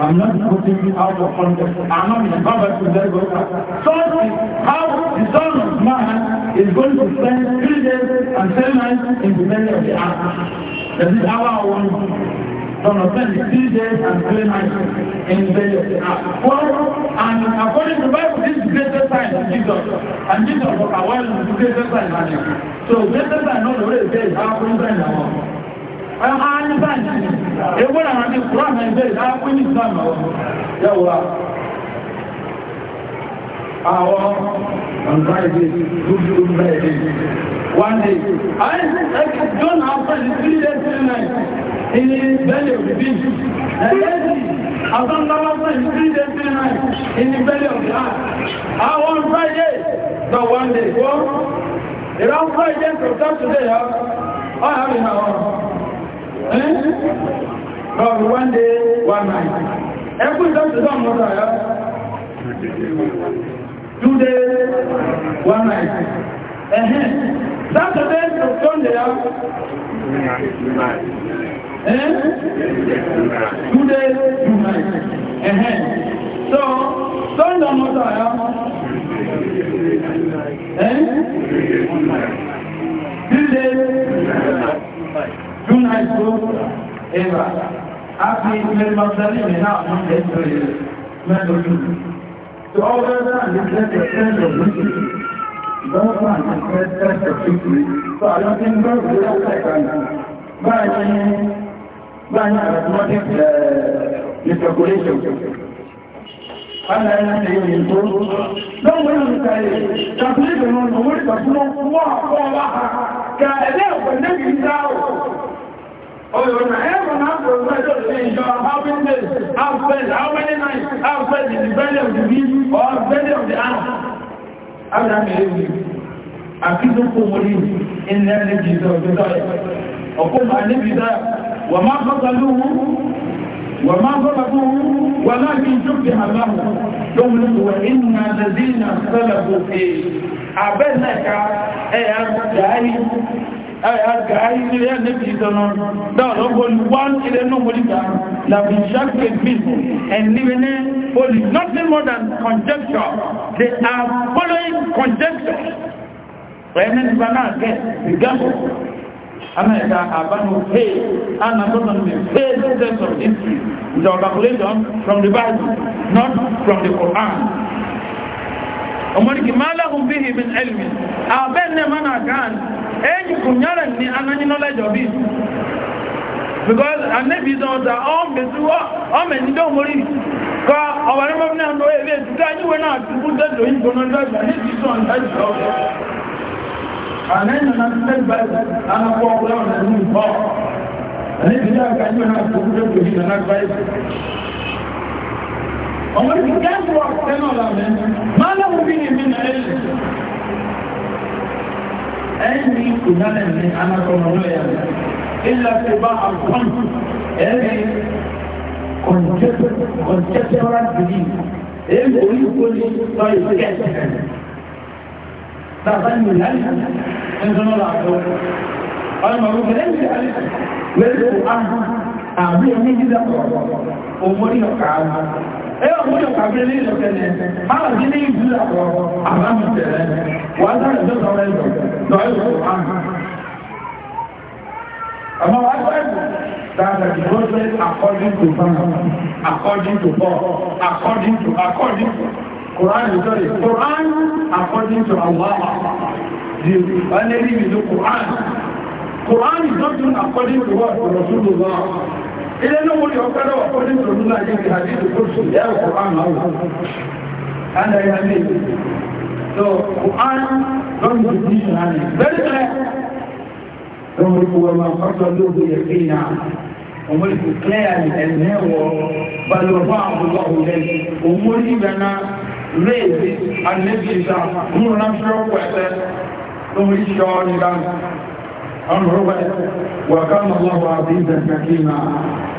I'm not putting it out of context. I'm not in the Bible to let go. So how the Son of Man is going to spend three days and three nights in the belly of the earth. That is our one. Number 10, three days and three nights in the and according to Bible, this is greatest sign of Jesus. And Jesus was aware of the greatest sign of Jesus. So greatest sign not the way it is, how can you sign that one? Àwọn àníbàjì, ewé àwọn àti kúrò àwọn ẹgbẹ́ ìdáàkú ní ìsìlámù ọ̀rọ̀ yẹ́wọ́ra. Àwọn ọ̀nà ìdí, lójú ọ̀nà ìdí, one day. I don't have time, three days, three nights ilé bẹ́lẹ̀ òbí ẹ̀ẹ́sì àtọ́ntàwọ́sán ìfíde sí náà ilé bẹ́lẹ̀ òbí àwọn Friday the one day go around Friday to Saturday ọ hàrí àwọn ọ̀rọ̀ one day one night ẹkù ìtọ́sílọ́ mọ́ta ya two days one night ẹ̀hẹ́ Saturday to Sunday ya Eh? Today, tonight. Uh-huh. So, turn down what I am. Eh? Today, tonight, so, ever. Happy Christmas, and now, I'm going to tell you. So, all that time, you let the sense of wisdom. Don't want to set the victory. So, I don't think God will affect us. Bye, báyìí arithmetic miscalculation ana yana da yin to don wani misali calculation wani wani ba how many nights, how many in the belly of the beast or belly of the animal. I'm not I with you. I'm people who in the they of to die. Or come and live وما قتلوه وما ضربوه ولكن شبه له جملة وإن الذين اختلفوا فيه أبنك أرجعي أرجعي إلى نبي سنون دارو بلوان إلى نمولك لابن شك منه and even only nothing more than conjecture they are following conjecture وإن البنات get the America have been paid and not only paid sense of history is our calculation from the Bible, not from the Quran. Omariki mala humbihi min elmi. Abenne mana kan. Eji kunyara ni anani knowledge of it. Because anabi is on the arm besuwa, arm and don't worry. Ka ọ̀wàrí mọ́bìnrin àwọn ọ̀rẹ́ ilé ìtúdá yíwẹ̀ náà tí ó tẹ́jọ yìí gbọ́nà lọ́jọ́ ní ìsìnkú ọ̀dájú ọ̀rẹ́. أنا أنا مستقبل أنا أبو أبو آه. أنا أبو أبو أنا بجاء كأنه أنا أبو أبو أبو أنا أبو أمر بكام وقتنا لمن ما له به من علم أني كنا من أنا كنولي إلا تباع الخمس أني كنت كنت كنت كنت كنت كنت كنت كنت كنت تغني الألحن أنت نضع الدولة قال مروك ليس ألحن ويقول أهل أعبيه من جدا أموري يقعان ايه أموري يقعان ليه لكنه حالة جدا يجزل أحرام السلام وأنت أجزل صلى دعي القرآن أما وأسأل That the process according to according to Paul, according to according to Quran is sorry. Quran according to Allah. The Valerie is the Quran. Quran is not done according to what Rasulullah. Ilé náà wọ́n yọ pẹ́lú according to Rasulullah yẹ́ ti hàbí tó kúrò sùn yẹ́ Quran And I am it. So Quran don't be seen on it. Very clear. Don't be well, my father, don't be a king now. omori ko clear ẹ̀mẹ́wọ̀ balùwẹ̀ laifi annabi isa mun nan fiye kwata don yi shawar gidan an rubar wa kama allahu azizan hakima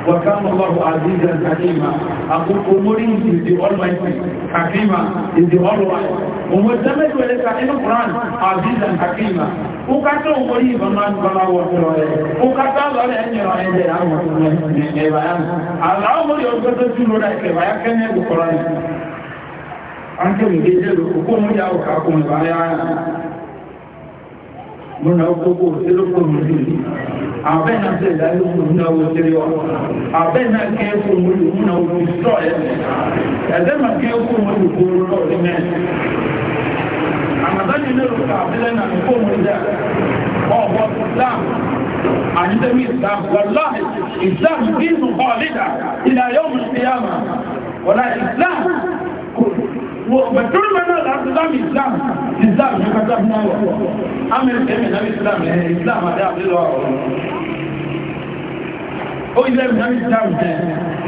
wa kama allahu azizan hakima a kuku murin the almighty hakima the almighty umar zama yi wale ka inu quran azizan hakima o ka tó umori ìbámá bala wọ fúnra rẹ o ka tó lọ rẹ ẹnyẹrọ ẹjẹ àwọn ọmọ ẹgbẹ bayan àlàó mori ọgbẹ an kan daidai da hukumun ya wuka kuma baya muna koko tilukun mutum abin na sai da yi muna wuce yawa abin na kai ku mutu muna wuce stoye ya zama kai ku mutu ko rori ne amma zan yi na ruka abin na ko mutu da ọgbọ islam àyíndẹ́mí islam wàláhì islam bí nù kọ́ lídà ilẹ̀ ayọ́ mùsùlùmí wàláhì islam kò pẹ̀tọ́rì mẹ́ta láti láàmì islam islam ní kájá fún àwọn amẹ́rẹ́kẹ́mẹ́ náà islam ẹ̀ islam àti àbílọ̀ ọ̀rọ̀ ó ilẹ̀ ìdáná islam jẹ́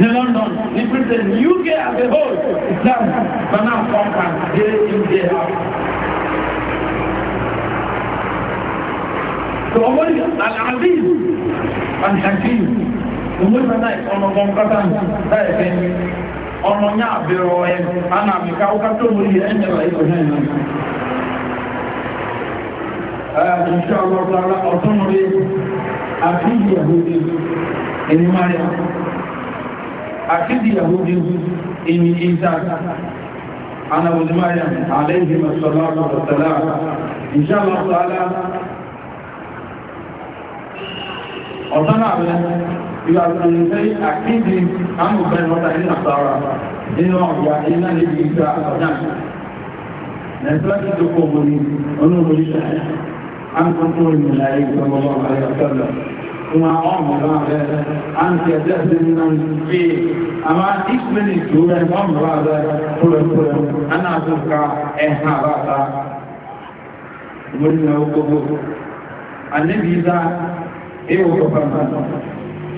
ní london in britain uk as a whole islam bana fọ́nká dé ìdí ẹ̀ ọmọdé al-aziz and hakim ọmọdé náà ọmọ kan kátà láì fẹ́ ọmọ ní ya. ẹ̀ ana àmìká ó kátó mú ilé ẹ̀jẹ̀lá ìlú náà Àkídì Yahudi ìní Ìsáàkà, Ana Wùdímáyà, Aléjì Màṣọ́lá Ọ̀tọ̀lá, Ìṣàlọ́ Ọ̀tọ̀lá, ọ̀tọ́lá rẹ̀, ìwà ìrìnlẹ̀ àkíjì àwọn obìnrin lọ́ta ní àtàrà nínú ọ̀gbà iná ní ìgbà ọ̀dá nàìjíríà ti tó kọ́ ọmọ ní olóòrùn ìṣẹ́ àkókò ìrìnlẹ̀ ìgbàmọ́lọ́ àyàtọ̀lọ̀ kuma ọmọ náà rẹ̀ àti ẹ̀jẹ̀ sí nínú pé àmá ìpínlẹ̀ ìtura ọmọ rẹ̀ kúrẹ̀kúrẹ̀ anáàtúkà ẹ̀hà bàtà ìmọ̀lẹ́ ọkọ̀ gbogbo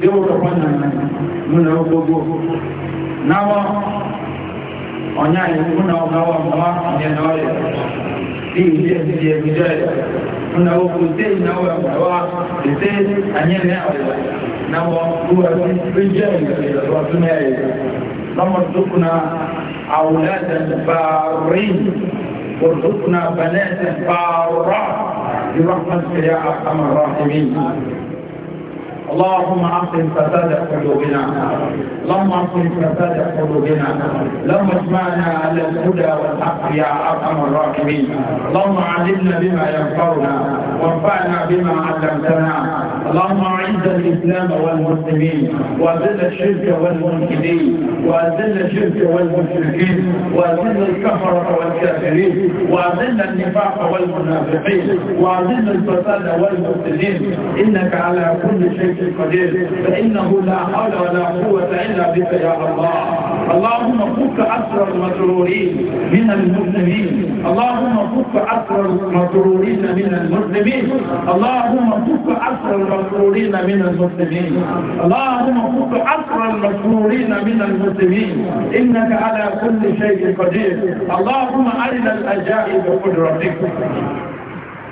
ewu ọ̀pọ̀ nínú gbogbo náwọ́ ọ̀nyá ìmúnà ọ̀gáwà ọ̀gáwà ìyẹnà ọ̀rẹ́ bí ìdí ẹ̀sì ẹ̀mìjọ́ ẹ̀ múnà okùn tí ìnáwó ẹ̀gbàwà ètè àyẹ̀rẹ̀ ọ̀rẹ́ náwọ́ gbúwà sí péjẹ́ ìrọ̀lọ́tún ẹ̀ lọ́mọdúnkùnà àwùlẹ́sẹ̀ bàárìn وارزقنا بنات بارا برحمتك يا ارحم الراحمين اللهم أقم فساد قلوبنا اللهم أقم فساد قلوبنا اللهم اجمعنا على الهدى والحق يا أرحم الراحمين اللهم علمنا بما ينفعنا وانفعنا بما علمتنا اللهم أعز الإسلام والمسلمين وأذل الشرك والمنكدين وأذل الشرك والمشركين وأذل الكفرة والكافرين وأذل النفاق والمنافقين وأذل الفساد والمفسدين إنك على كل شيء قدير فإنه لا حول ولا قوة إلا بك يا الله اللهم فك أسر المسرورين من المسلمين اللهم فك أسر المسرورين من المسلمين اللهم فك أسر المغفورين من المسلمين اللهم كنت أسرى المغفورين من المسلمين إنك على كل شيء قدير اللهم أرنا الأجائب قدرتك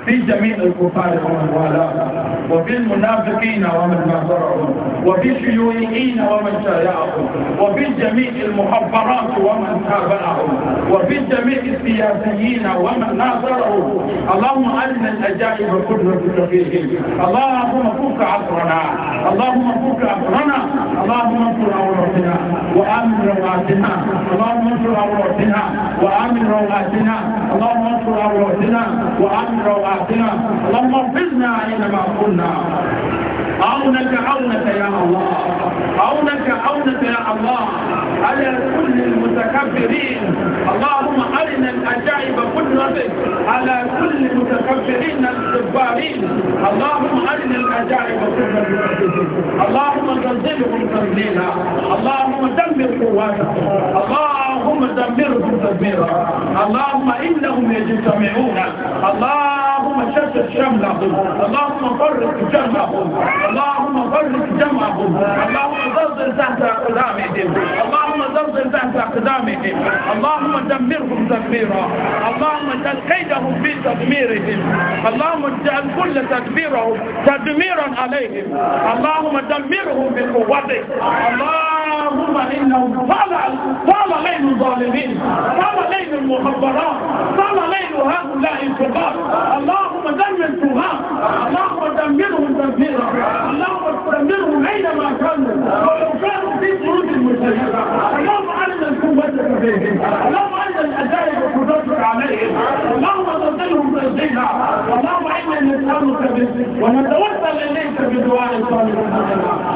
في جميع الكفار ومن والاهم وفي المنافقين ومن ما زرعهم وفي الشيوعيين ومن شايعهم وفي جميع المحبرات ومن تابعهم وفي جميع السياسيين ومن ناظرهم اللهم أرنا الأجائب كلها فيهم اللهم فك عصرنا اللهم فك عصرنا اللهم انصر عوراتنا وآمن رواتنا اللهم انصر عوراتنا وآمن رواتنا اللهم انصر عوراتنا وآمن رواتنا بعضنا اللهم احفظنا علينا ما قلنا عونك عونك يا الله عونك عونك يا الله على كل المتكبرين اللهم أرنا الأجائب قدرتك على كل المتكبرين الجبارين اللهم أرنا الأجائب قدرتك اللهم زلزلهم تذليلا اللهم دمر قواتهم الله اللهم دمرهم تدميرا اللهم إنهم يجتمعون اللهم شتت شملهم اللهم فرق جمعهم اللهم فرق جمعهم اللهم زلزل تحت أقدامهم اللهم زلزل تحت أقدامهم اللهم دمرهم تدميرا اللهم اجعل كيدهم في تدميرهم اللهم اجعل كل تدميرهم تدميرا عليهم اللهم دمرهم بقوتك اللهم إنهم طلع طلع صار ليل الظالمين صار ليل المخبرات صار ليل هؤلاء الكبار اللهم دمر تهام اللهم دمرهم تدميرا اللهم دمرهم اينما كانوا ولو كانوا في جنود المسلمين اللهم علم قوتك فيهم اللهم علم الأجائب وقدرتك عليهم اللهم تضلهم تنزيلا اللهم انا نسألك ونتوسل إليك بدعاء الصالحين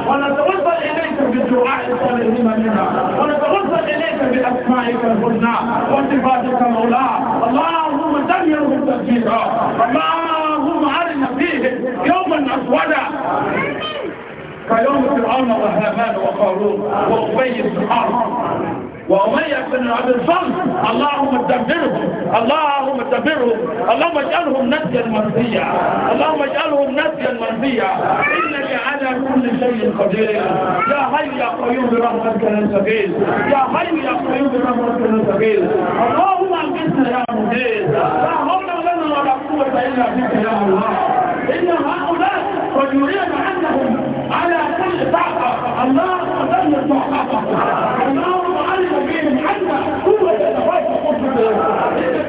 ونتوسل إليك بالدعاء السليم منها ونتوسل إليك بأسمائك الحسنى وصفاتك العلى اللهم سمعهم تسجيلا اللهم أرنا فيهم يوما أسودا كيوم فرعون وهامان وقارون وأبي بن وأمية بن عبد الفضل اللهم دبرهم اللهم دبرهم اللهم اجعلهم نسيا مرضيا اللهم اجعلهم نسيا مرضيا إنك على كل شيء قدير يا حي يا قيوم برحمتك نستغيث يا حي يا قيوم برحمتك نستغيث اللهم انقذنا يا مجيد لا حول لنا ولا قوة إلا بك يا الله إن هؤلاء قد يريد أنهم على كل صعقة الله قدرنا صعقة الله قدير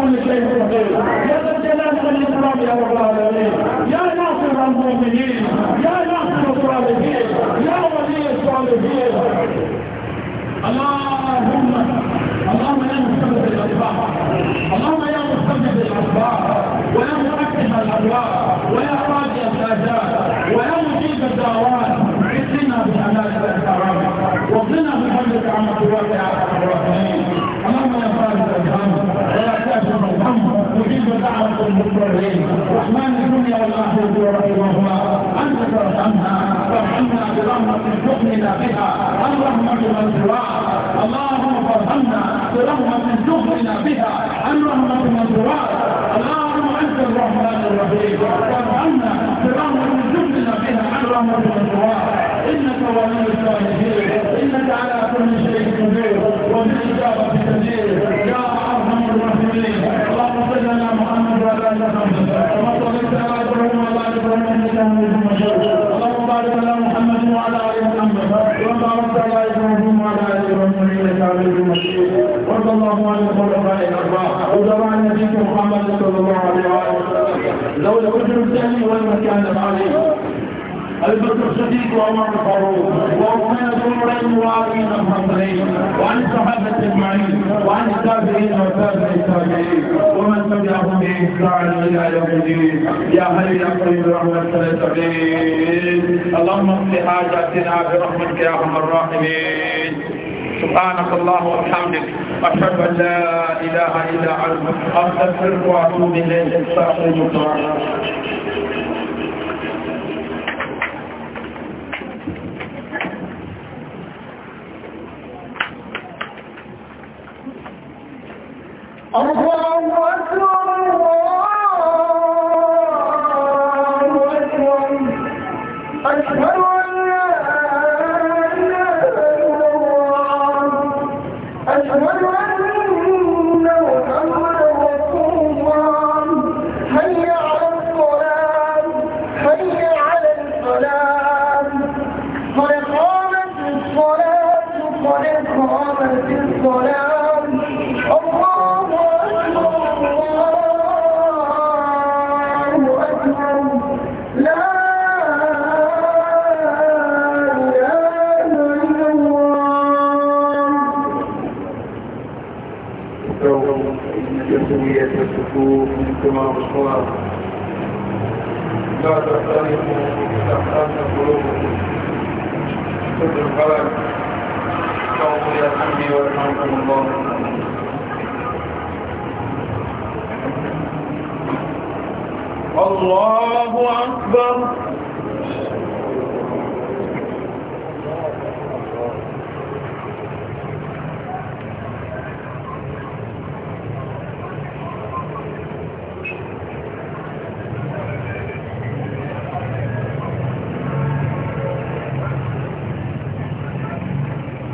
كل شيء قدير يا ذا الجلال يا رب العالمين يا ناصر المؤمنين يا ناصر الصالحين يا ولي الصالحين اللهم اللهم يا مستمد الأسباب اللهم يا مستمد الأسباب ويا مركز الأبواب ويا راجع الأجاب المكرمين رحمن الدنيا والآخرة ورحمهما أنت ترحمها وارحمنا برحمتك تؤمنا بها الرحمة مزروعة اللهم فارحمنا برحمة تؤمنا بها الرحمة مزروعة اللهم أنت الرحمن الرحيم وارحمنا برحمة تؤمنا بها الرحمة مزروعة إنك ولي الصالحين إنك على كل شيء قدير ومن وبالإجابة يزيد ومن تبعهم بإحسان إلى يوم الدين يا هل يقرب برحمتك يا اللهم اصلح حاجاتنا برحمتك يا أرحم الراحمين سبحانك الله وبحمدك أشهد أن لا إله إلا أنت أستغفرك وأتوب إليك أستغفرك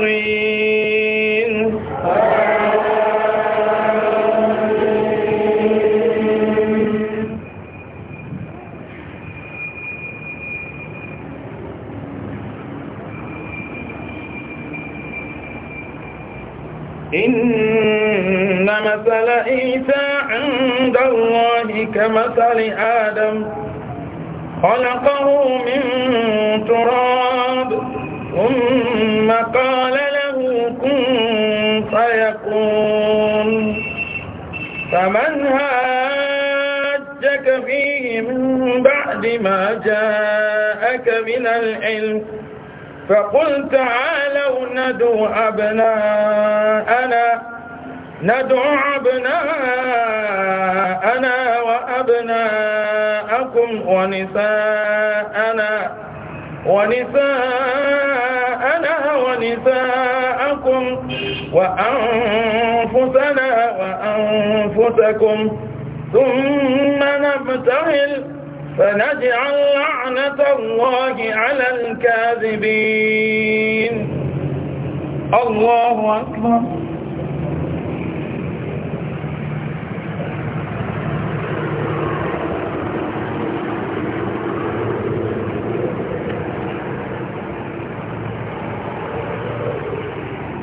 الضالين إن مثل إيسى عند الله كمثل آدم خلقه من تراب ثم قال له كن فيكون فمن هاجك فيه من بعد ما جاءك من العلم فقل تعالوا ندعو أبناءنا ندعو أبناءنا وأبناءكم ونساءنا ونساءنا ونساءكم وأنفسنا وأنفسكم ثم نبتهل فنجعل لعنة الله على الكاذبين الله أكبر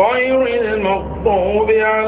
غير المغضوب عليهم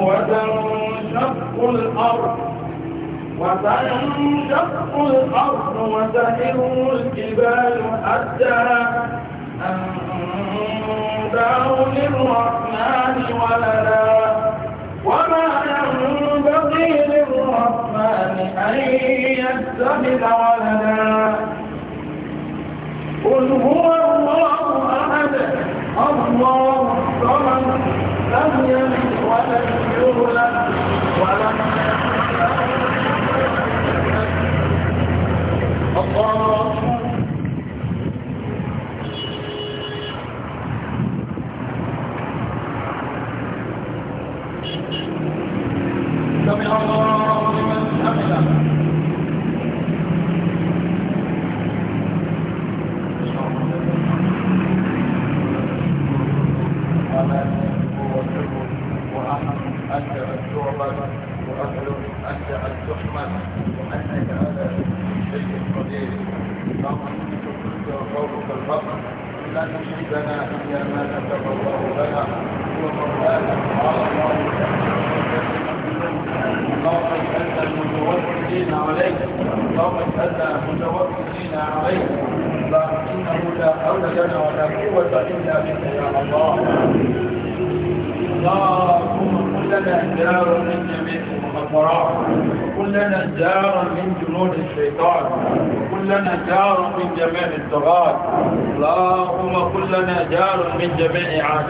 وتنشق الأرض وتنشق الأرض وتهر الجبال حتى أن للرحمن ولدا وما ينبغي للرحمن أن يتخذ ولدا قل هو الله أحد الله الصمد لم يلد Allah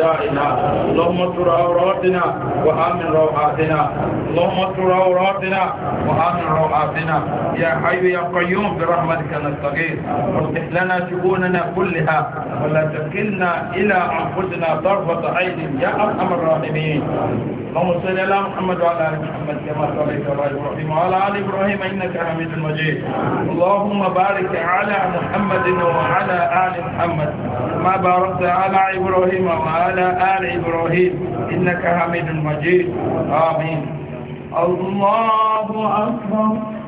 أعدائنا اللهم استر عوراتنا وآمن روحاتنا اللهم اطر عوراتنا وآمن روحاتنا يا حي يا قيوم برحمتك نستغيث واصلح لنا شؤوننا كلها ولا تكلنا إلى أنفسنا طرفة عين يا أرحم الراحمين اللهم صل على محمد وعلى آل محمد كما صليت على إبراهيم وعلى آل إبراهيم إنك حميد مجيد اللهم بارك على محمد وعلى آل محمد ما باركت على إبراهيم وعلى آل إبراهيم إنك حميد مجيد العزيز آمين الله أكبر